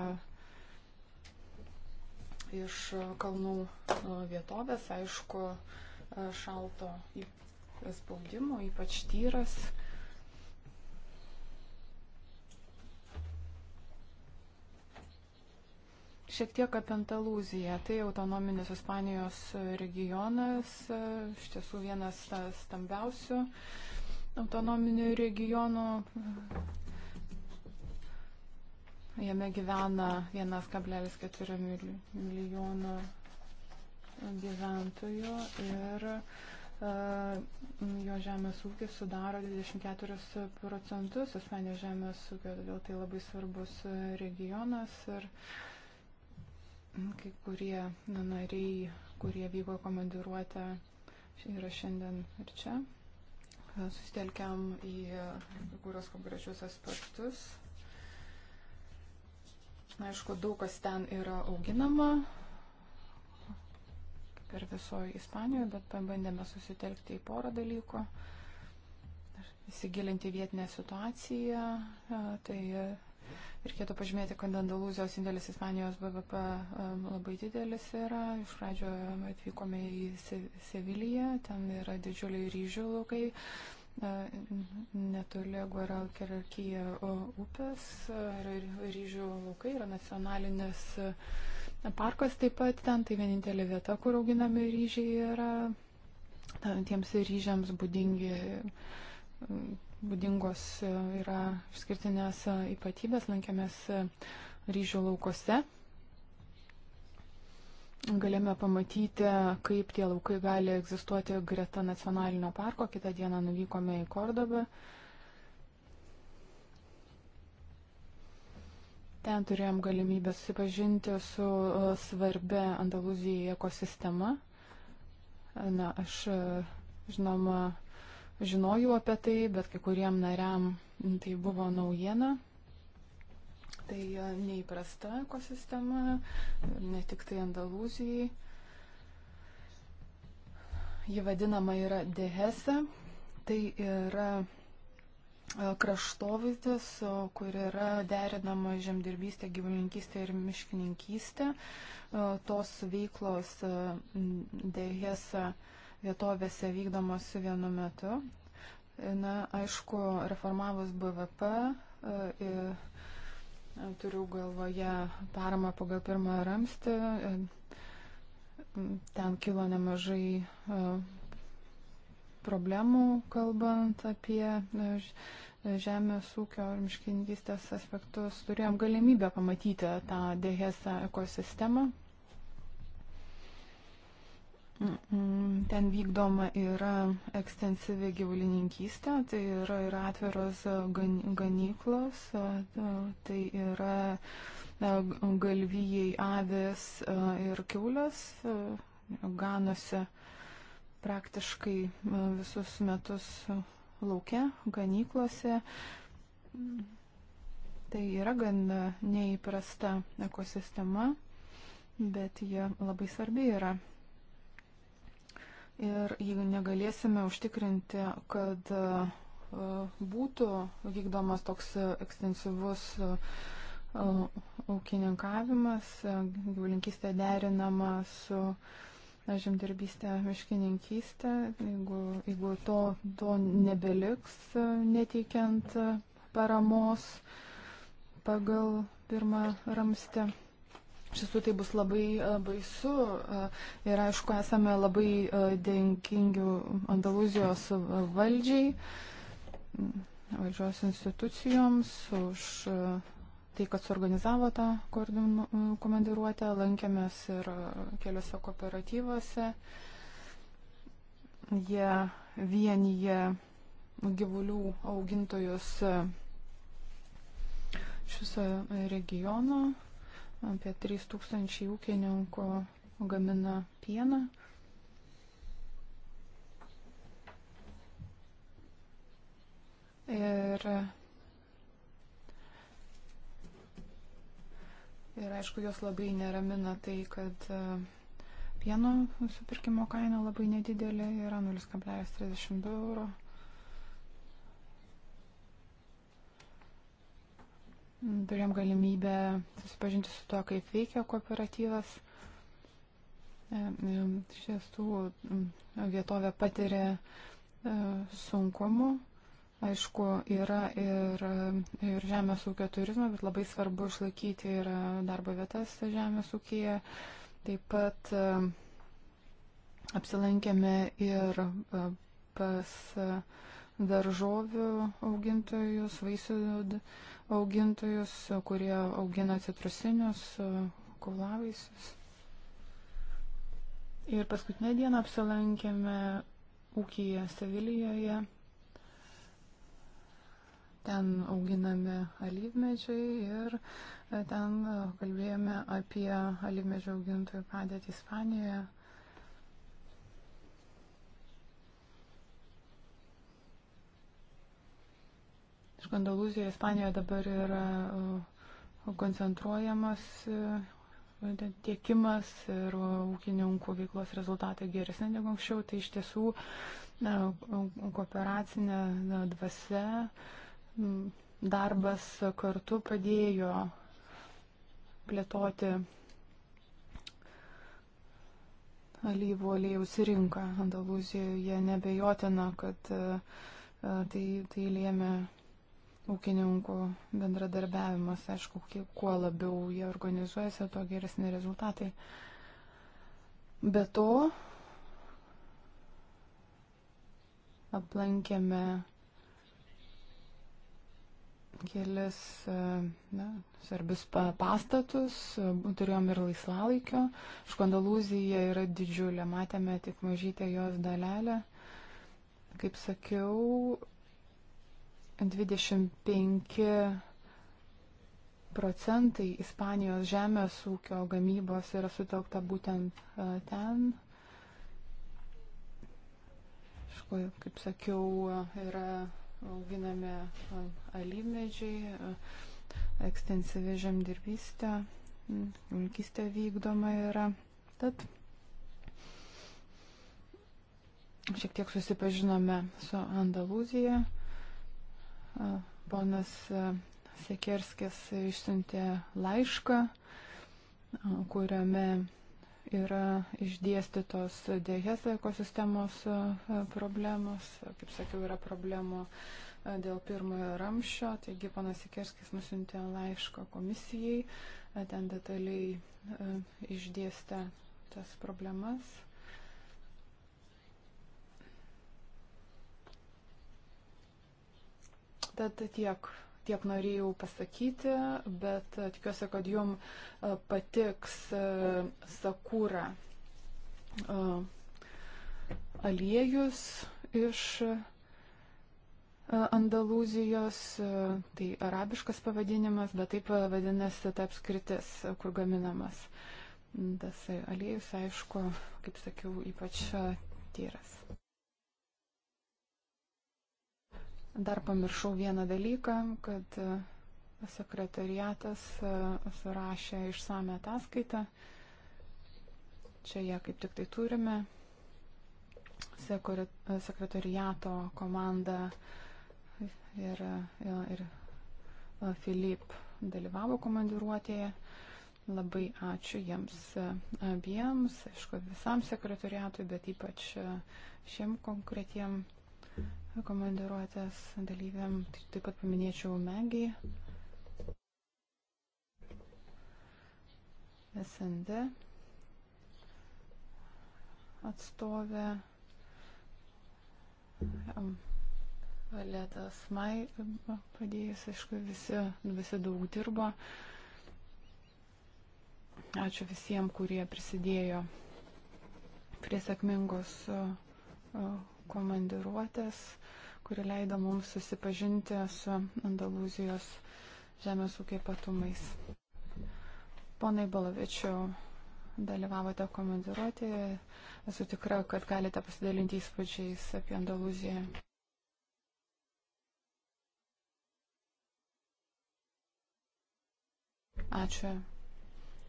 iš kalnų vietovės, aišku, šalto spaudimo, ypač tyras. Šiek tiek apie Antalūziją. Tai autonominis Ispanijos regionas, e, iš tiesų vienas stambiausių autonominių regionų. Jame gyvena 1,4 milijono gyventojų ir e, jo žemės ūkis sudaro 24 procentus Ispanijos žemės ūkio, todėl tai labai svarbus regionas. Ir, uh, Kai kurie nariai, kurie vyko komandiruotę, yra šiandien ir čia. Susitelkiam į kai kurios konkrečius aspektus. Aišku, daug kas ten yra auginama, per visoje Ispanijoje, bet pabandėme susitelkti į porą dalykų, įsigilinti vietinę situaciją, tai Reikėtų pažymėti, kad Andalūzijos indėlis Ispanijos BVP labai didelis yra. Iš pradžio atvykome į Seviliją, ten yra didžiuliai ryžių laukai, netoli Guaral Kerarkija upės, yra ryžių laukai, yra nacionalinis e, parkas taip pat ten, tai vienintelė vieta, kur auginami ryžiai yra. Tiems ryžiams būdingi būdingos e, yra išskirtinės e, ypatybės, lankėmės e, ryžių laukose. Galėjome pamatyti, kaip tie laukai gali egzistuoti greta nacionalinio parko. Kitą dieną nuvykome į Kordobą. Ten turėjom galimybę susipažinti su svarbia Andaluzijai ekosistema. Na, aš, žinoma, žinojau apie tai, bet kai kuriem nariam tai buvo naujiena. Tai e, neįprasta ekosistema, ne tik tai Andalūzijai. Ji vadinama yra Dehese. Tai yra e, kraštovaizdis, kur yra derinama žemdirbystė, gyvulininkystė ir miškininkystė. E, tos veiklos Dehese. De vietovėse vykdomos vienu metu. Na, aišku, reformavus BVP e, e, turiu galvoje paramą pagal pirmą ramstį. E, ten kilo nemažai problemų, kalbant apie žemės ūkio ir miškininkystės aspektus. Turėjom galimybę pamatyti tą dėhesą ekosistemą, Mm, ten vykdoma yra ekstensyvi gyvulininkystė, tai yra ir atviros e, ganyklos, e, tai yra e, galvijai avės ir kiaulės, ganosi praktiškai visus metus laukia, ganyklose. Tai yra gan neįprasta ekosistema, bet jie labai svarbi yra Ir jeigu negalėsime užtikrinti, kad e, būtų vykdomas toks ekstensyvus e, ūkininkavimas, e, gyvulinkystė derinama su žemdirbystė, miškininkystė, jeigu, jeigu to, to nebeliks neteikiant paramos pagal pirmą ramstį. Iš tiesų tai bus labai e, baisu e, ir aišku, esame labai e, dėkingi Andaluzijos valdžiai, valdžios institucijoms už tai, kad suorganizavo tą komandiruotę, lankėmės ir keliose kooperatyvose. Jie vienyje gyvulių augintojus iš viso regiono Apie 3000 ūkininkų gamina pieną. Ir, ir aišku, jos labai neramina tai, kad e, pieno supirkimo kaina labai nedidelė yra 0,32 euro. Turėjom galimybę susipažinti su to, kaip veikia kooperatyvas. E, iš tiesų vietovė patiria e, sunkumų. Aišku, yra ir, ir žemės ūkio turizmo, bet labai svarbu išlaikyti ir darbo vietas žemės ūkėje. Taip pat e, apsilankėme ir pas daržovių augintojus, vaisių augintojus, kurie augina citrusinius e, kaulavaisius. Ir paskutinę dieną apsilankėme ūkyje Sevilijoje. Ten auginami alyvmedžiai ir e, ten e, kalbėjome apie alyvmedžių augintojų padėtį Ispanijoje. iš Gandalūzijos, Ispanijoje dabar yra uh, koncentruojamas uh, tiekimas ir uh, ūkininkų veiklos rezultatai geresni negu anksčiau, tai iš tiesų kooperacinė dvasia, darbas kartu padėjo plėtoti alyvų aliejus rinką Andalūzijoje. Nebejotina, kad tai, tai lėmė ūkininkų bendradarbiavimas. Aišku, kuo labiau jie organizuojasi, tuo geresni rezultatai. Be to, aplankėme kelis e, na, svarbius pastatus, e, turėjom ir laisvalaikio. Škandalūzija yra didžiulė, matėme tik mažytę jos dalelę. Kaip sakiau, 25 procentai Ispanijos žemės ūkio gamybos yra sutelkta būtent e, ten. Aišku, kaip sakiau, yra auginami e, alyvmedžiai, e, ekstensyvi žemdirbystė, vilkystė vykdoma yra. Tad šiek tiek susipažinome su Andalūzija. Ponas Sekerskis išsiuntė laišką, kuriame yra išdėstytos dėjas ekosistemos problemos. Kaip sakiau, yra problemų dėl pirmojo ramščio. Taigi panas Ikerskis nusintė laišką komisijai, ten detaliai išdėstė tas problemas. Tad tiek, tiek norėjau pasakyti, bet e, tikiuosi, kad jum e, patiks e, sakūra aliejus iš Andalūzijos, tai arabiškas pavadinimas, bet taip vadinasi ta apskritis, kur gaminamas tas aliejus, aišku, kaip sakiau, ypač tyras. Dar pamiršau vieną dalyką, kad e, sekretariatas e, surašė išsame ataskaitą. Čia ją kaip tik tai turime. Sekretariato komanda ir, e, ir Filip dalyvavo komandiruotėje. Labai ačiū jiems abiems, aišku, visam sekretariatui, bet ypač šiem konkretiem komandiruotės dalyviam. Tai taip pat paminėčiau Megį, SND atstovę, Valetas Mai padėjus, aišku, visi, visi daug dirbo. Ačiū visiems, kurie prisidėjo prie sėkmingos komandiruotės, kuri leido mums susipažinti su Andalūzijos žemės ūkio ypatumais. Ponai Balavičiau, dalyvavote komandiruotėje, esu tikra, kad galite pasidalinti įspūdžiais apie Andalūziją. Ačiū.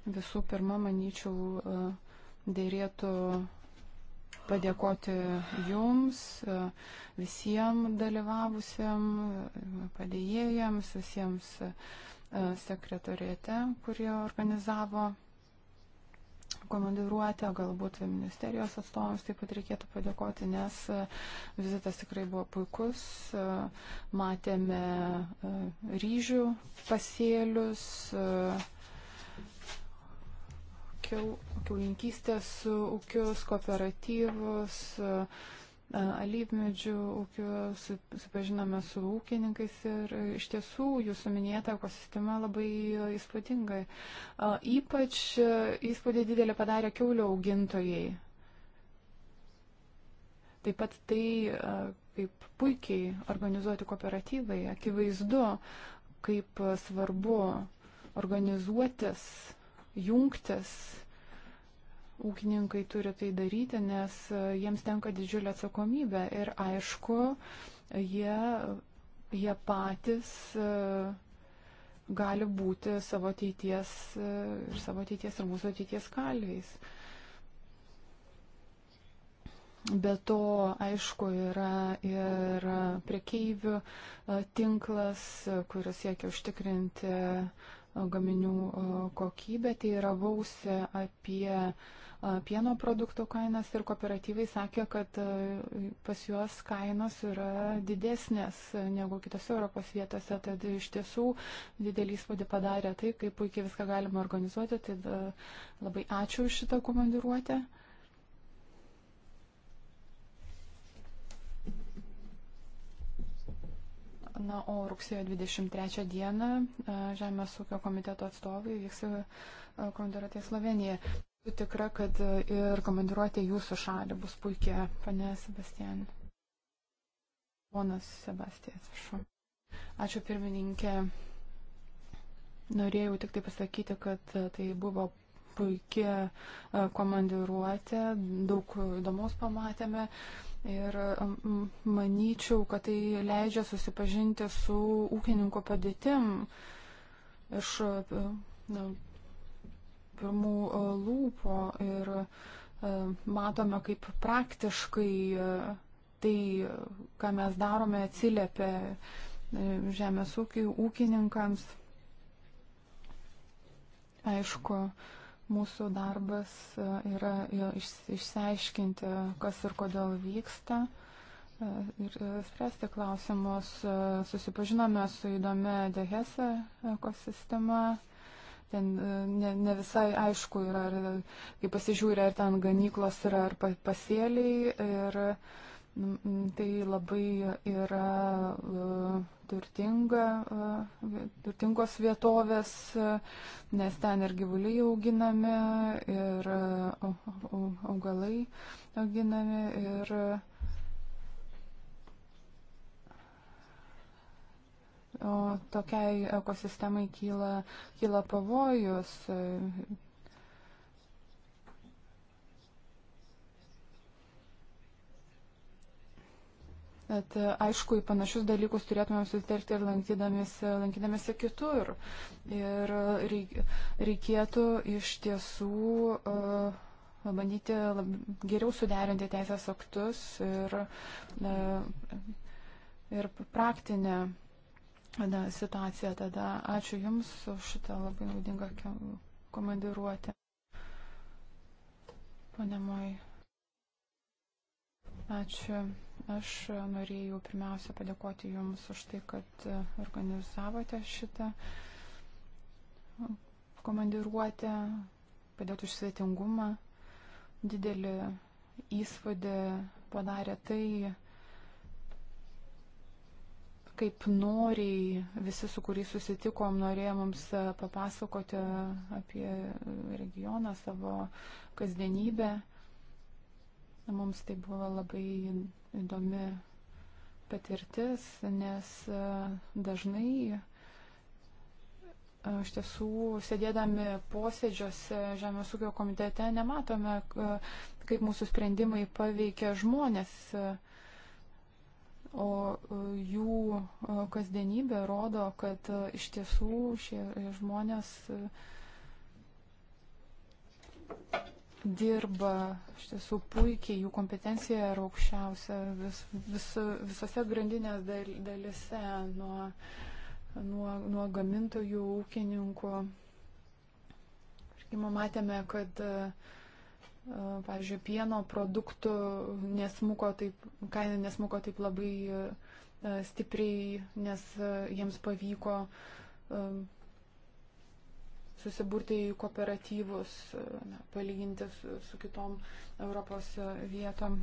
Visų pirma, manyčiau, e, dėrėtų padėkoti jums, visiems dalyvavusiems, padėjėjams, visiems e, sekretorėte, kurie organizavo komandiruotę, galbūt ministerijos atstovams taip pat reikėtų padėkoti, nes e, vizitas tikrai buvo puikus, e, matėme ryžių pasėlius, kiau, kiaulinkystės ūkius, kooperatyvus, alyvmedžių ūkius, supažinome su ūkininkais ir iš tiesų jūsų minėta ekosistema labai įspūdinga. Ypač įspūdį didelį padarė kiaulio augintojai. Taip pat tai, kaip puikiai organizuoti kooperatyvai, akivaizdu, kaip svarbu organizuotis jungtis. Ūkininkai turi tai daryti, nes e, jiems tenka didžiulė atsakomybė. Ir aišku, jie, jie patys e, gali būti savo ateities e, ir savo ateities ir mūsų ateities kalviais. Be to, aišku, yra ir priekeivių tinklas, kuris siekia užtikrinti uh, gaminių kokybę, tai ravausi apie pieno produktų kainas ir kooperatyvai sakė, kad pas juos kainos yra didesnės negu kitose Europos vietose. Tad iš tiesų didelį įspūdį padarė tai, kaip puikiai viską galima organizuoti. Tai labai ačiū už šitą komandiruotę. Na, o rugsėjo 23 dieną e, Žemės ūkio komiteto atstovai vyks e, komandiruotė į Sloveniją. Esu tikra, kad e, ir komandiruotė jūsų šalį bus puikia, pane Sebastian. Ponas Sebastijas, atsiprašau. Ačiū pirmininkė. Norėjau tik tai pasakyti, kad tai buvo puikia komandiruotė, daug įdomus pamatėme. Uh, Ir manyčiau, kad tai leidžia susipažinti su ūkininko padėtim iš e, na, pirmų e, lūpų ir e, matome, kaip praktiškai tai, ką mes darome, atsiliepia žemės ūkiai, ūkininkams. Aišku, uh, Mūsų darbas e, yra iš, išsiaiškinti, kas ir kodėl vyksta e, ir e, spręsti klausimus. Susipažinome su įdomia Dehese ekosistema. Ten ne, ne visai aišku yra, kai pasižiūrė, ar ten ganyklos yra, ar pasėliai. Ir, uh, Mm, mm, tai labai yra e, turtinga, e, turtingos vietovės, e, nes ten ir gyvuliai auginami, ir augalai auginami. Ir, O tokiai ekosistemai kyla, kyla pavojus, Bet e, aišku, į panašius dalykus turėtumėm susitelkti ir lankydamėsi, e, lankydamėsi kitur. Ir reikėtų iš tiesų uh, e, bandyti lab, geriau suderinti teisės aktus ir, uh, ir praktinę na, situaciją. Tada ačiū Jums už šitą labai naudingą komandiruotę. Pane Moj. Ačiū. Aš norėjau pirmiausia padėkoti Jums už tai, kad organizavote šitą komandiruotę, padėt už svetingumą. Didelį įspūdį padarė tai, kaip noriai visi, su kuriais susitikom, norėjo mums papasakoti apie regioną, savo kasdienybę. Mums tai buvo labai įdomi patirtis, nes e, dažnai e, iš tiesų sėdėdami posėdžiuose Žemės ūkio komitete nematome, e, kaip mūsų sprendimai paveikia žmonės, o jų kasdienybė rodo, kad iš tiesų šie žmonės. Thank you dirba iš tiesų puikiai, jų kompetencija yra aukščiausia vis, vis, visose grandinės dal, dalise, nuo, nuo, nuo gamintojų, ūkininkų. Škimo matėme, kad, e, pavyzdžiui, pieno produktų nesmuko taip, kaina nesmuko taip labai e, stipriai, nes e, jiems pavyko susiburti į kooperatyvus, e, na, palyginti su, su kitom Europos e, vietom.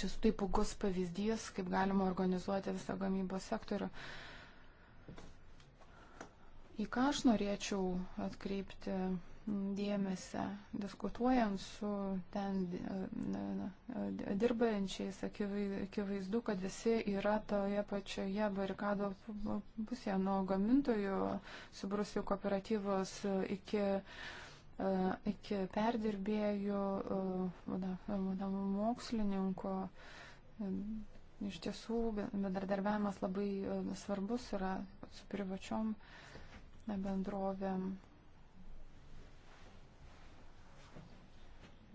Šis tai pugus pavyzdys, kaip galima organizuoti visą gamybos sektorių. Į ką aš norėčiau atkreipti dėmesį, diskutuojant su ten dirbančiais, akivaizdu, kad visi yra toje pačioje barikado pusėje, nuo gamintojų, subrusių kooperatyvos iki iki perdirbėjų, mokslininko. Iš tiesų, bendradarbiavimas labai svarbus yra su privačiom bendrovėm.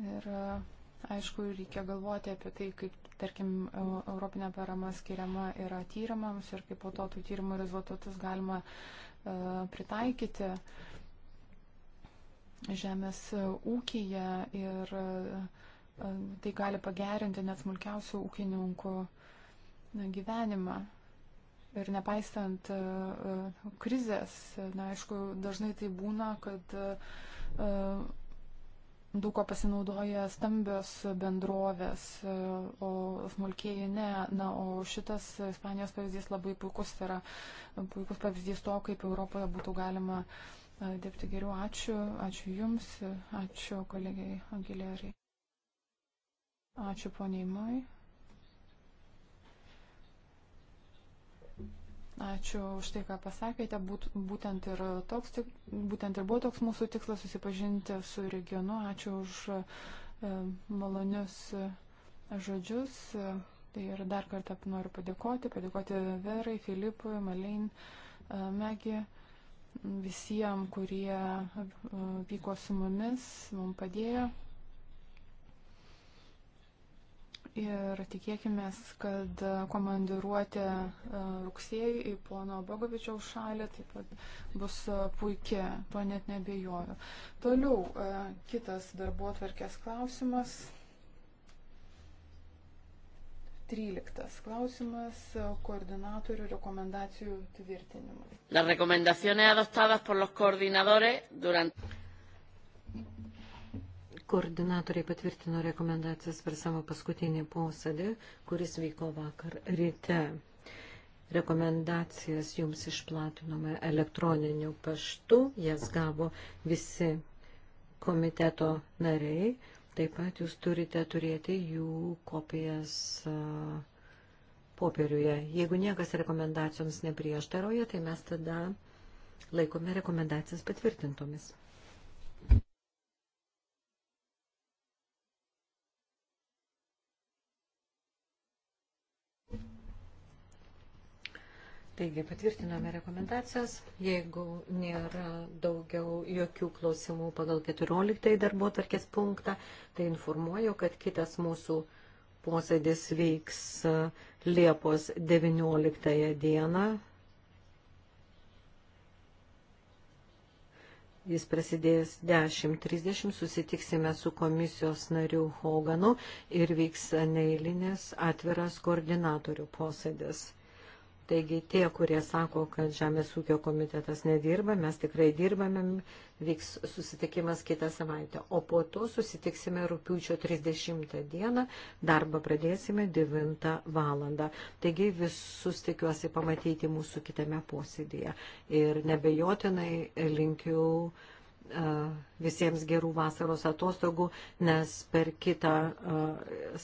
Ir e, aišku, reikia galvoti apie tai, kaip, tarkim, e, Europinė parama skiriama yra tyrimams ir kaip po to tų tyrimų rezultatus galima e, pritaikyti žemės ūkyje ir tai gali pagerinti net smulkiausių ūkininkų gyvenimą. Ir nepaisant krizės, na, aišku, dažnai tai būna, kad daug ko pasinaudoja stambios bendrovės, e, o smulkėjai ne. Na, o šitas Ispanijos pavyzdys labai puikus tai yra, puikus pavyzdys to, kaip Europoje būtų galima e, dirbti geriau. Ačiū, ačiū Jums, ačiū kolegiai Angileriai. Ačiū poniai Mai. Ačiū už tai, ką pasakėte. Būt, būtent, ir toks, būtent ir buvo toks mūsų tikslas susipažinti su regionu. Ačiū už e, malonius e, žodžius. Tai ir dar kartą noriu padėkoti. Padėkoti Verai, Filipui, Malin, e, Megi, visiems, kurie e, vyko su mumis, mums padėjo. Ir tikėkime, kad komandiruoti e, rugsėjai į pono Bogovičiaus šalį taip pat bus e, puikia, to net nebejoju. Toliau e, kitas darbo atverkės klausimas. 13. Klausimas koordinatorių rekomendacijų tvirtinimui. Las recomendaciones adoptadas por los coordinadores durante Koordinatoriai patvirtino rekomendacijas per savo paskutinį posėdį, kuris vyko vakar ryte. Rekomendacijas jums išplatinome elektroniniu paštu, jas gavo visi komiteto nariai. Taip pat jūs turite turėti jų kopijas popieriuje. Jeigu niekas rekomendacijoms neprieštaroja, tai mes tada laikome rekomendacijas patvirtintomis. Taigi patvirtiname rekomendacijas. Jeigu nėra daugiau jokių klausimų pagal 14 darbo tarkės punktą, tai informuoju, kad kitas mūsų posėdis vyks e, Liepos 19 dieną. Jis prasidės 10.30, susitiksime su komisijos nariu Hoganu ir vyks neįlinis atviras koordinatorių posėdis. Taigi tie, kurie sako, kad Žemės ūkio komitetas nedirba, mes tikrai dirbame, vyks susitikimas kitą savaitę. O po to susitiksime rūpiučio 30 dieną, darbą pradėsime 9 valandą. Taigi visus tikiuosi pamatyti mūsų kitame posėdėje. Ir nebejotinai linkiu visiems gerų vasaros atostogų, nes per kitą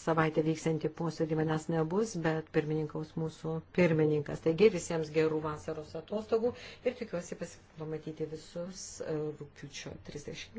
savaitę vyksianti posėdį manęs nebus, bet pirmininkaus mūsų pirmininkas. Taigi visiems gerų vasaros atostogų ir tikiuosi pamatyti visus rūpiučio 30.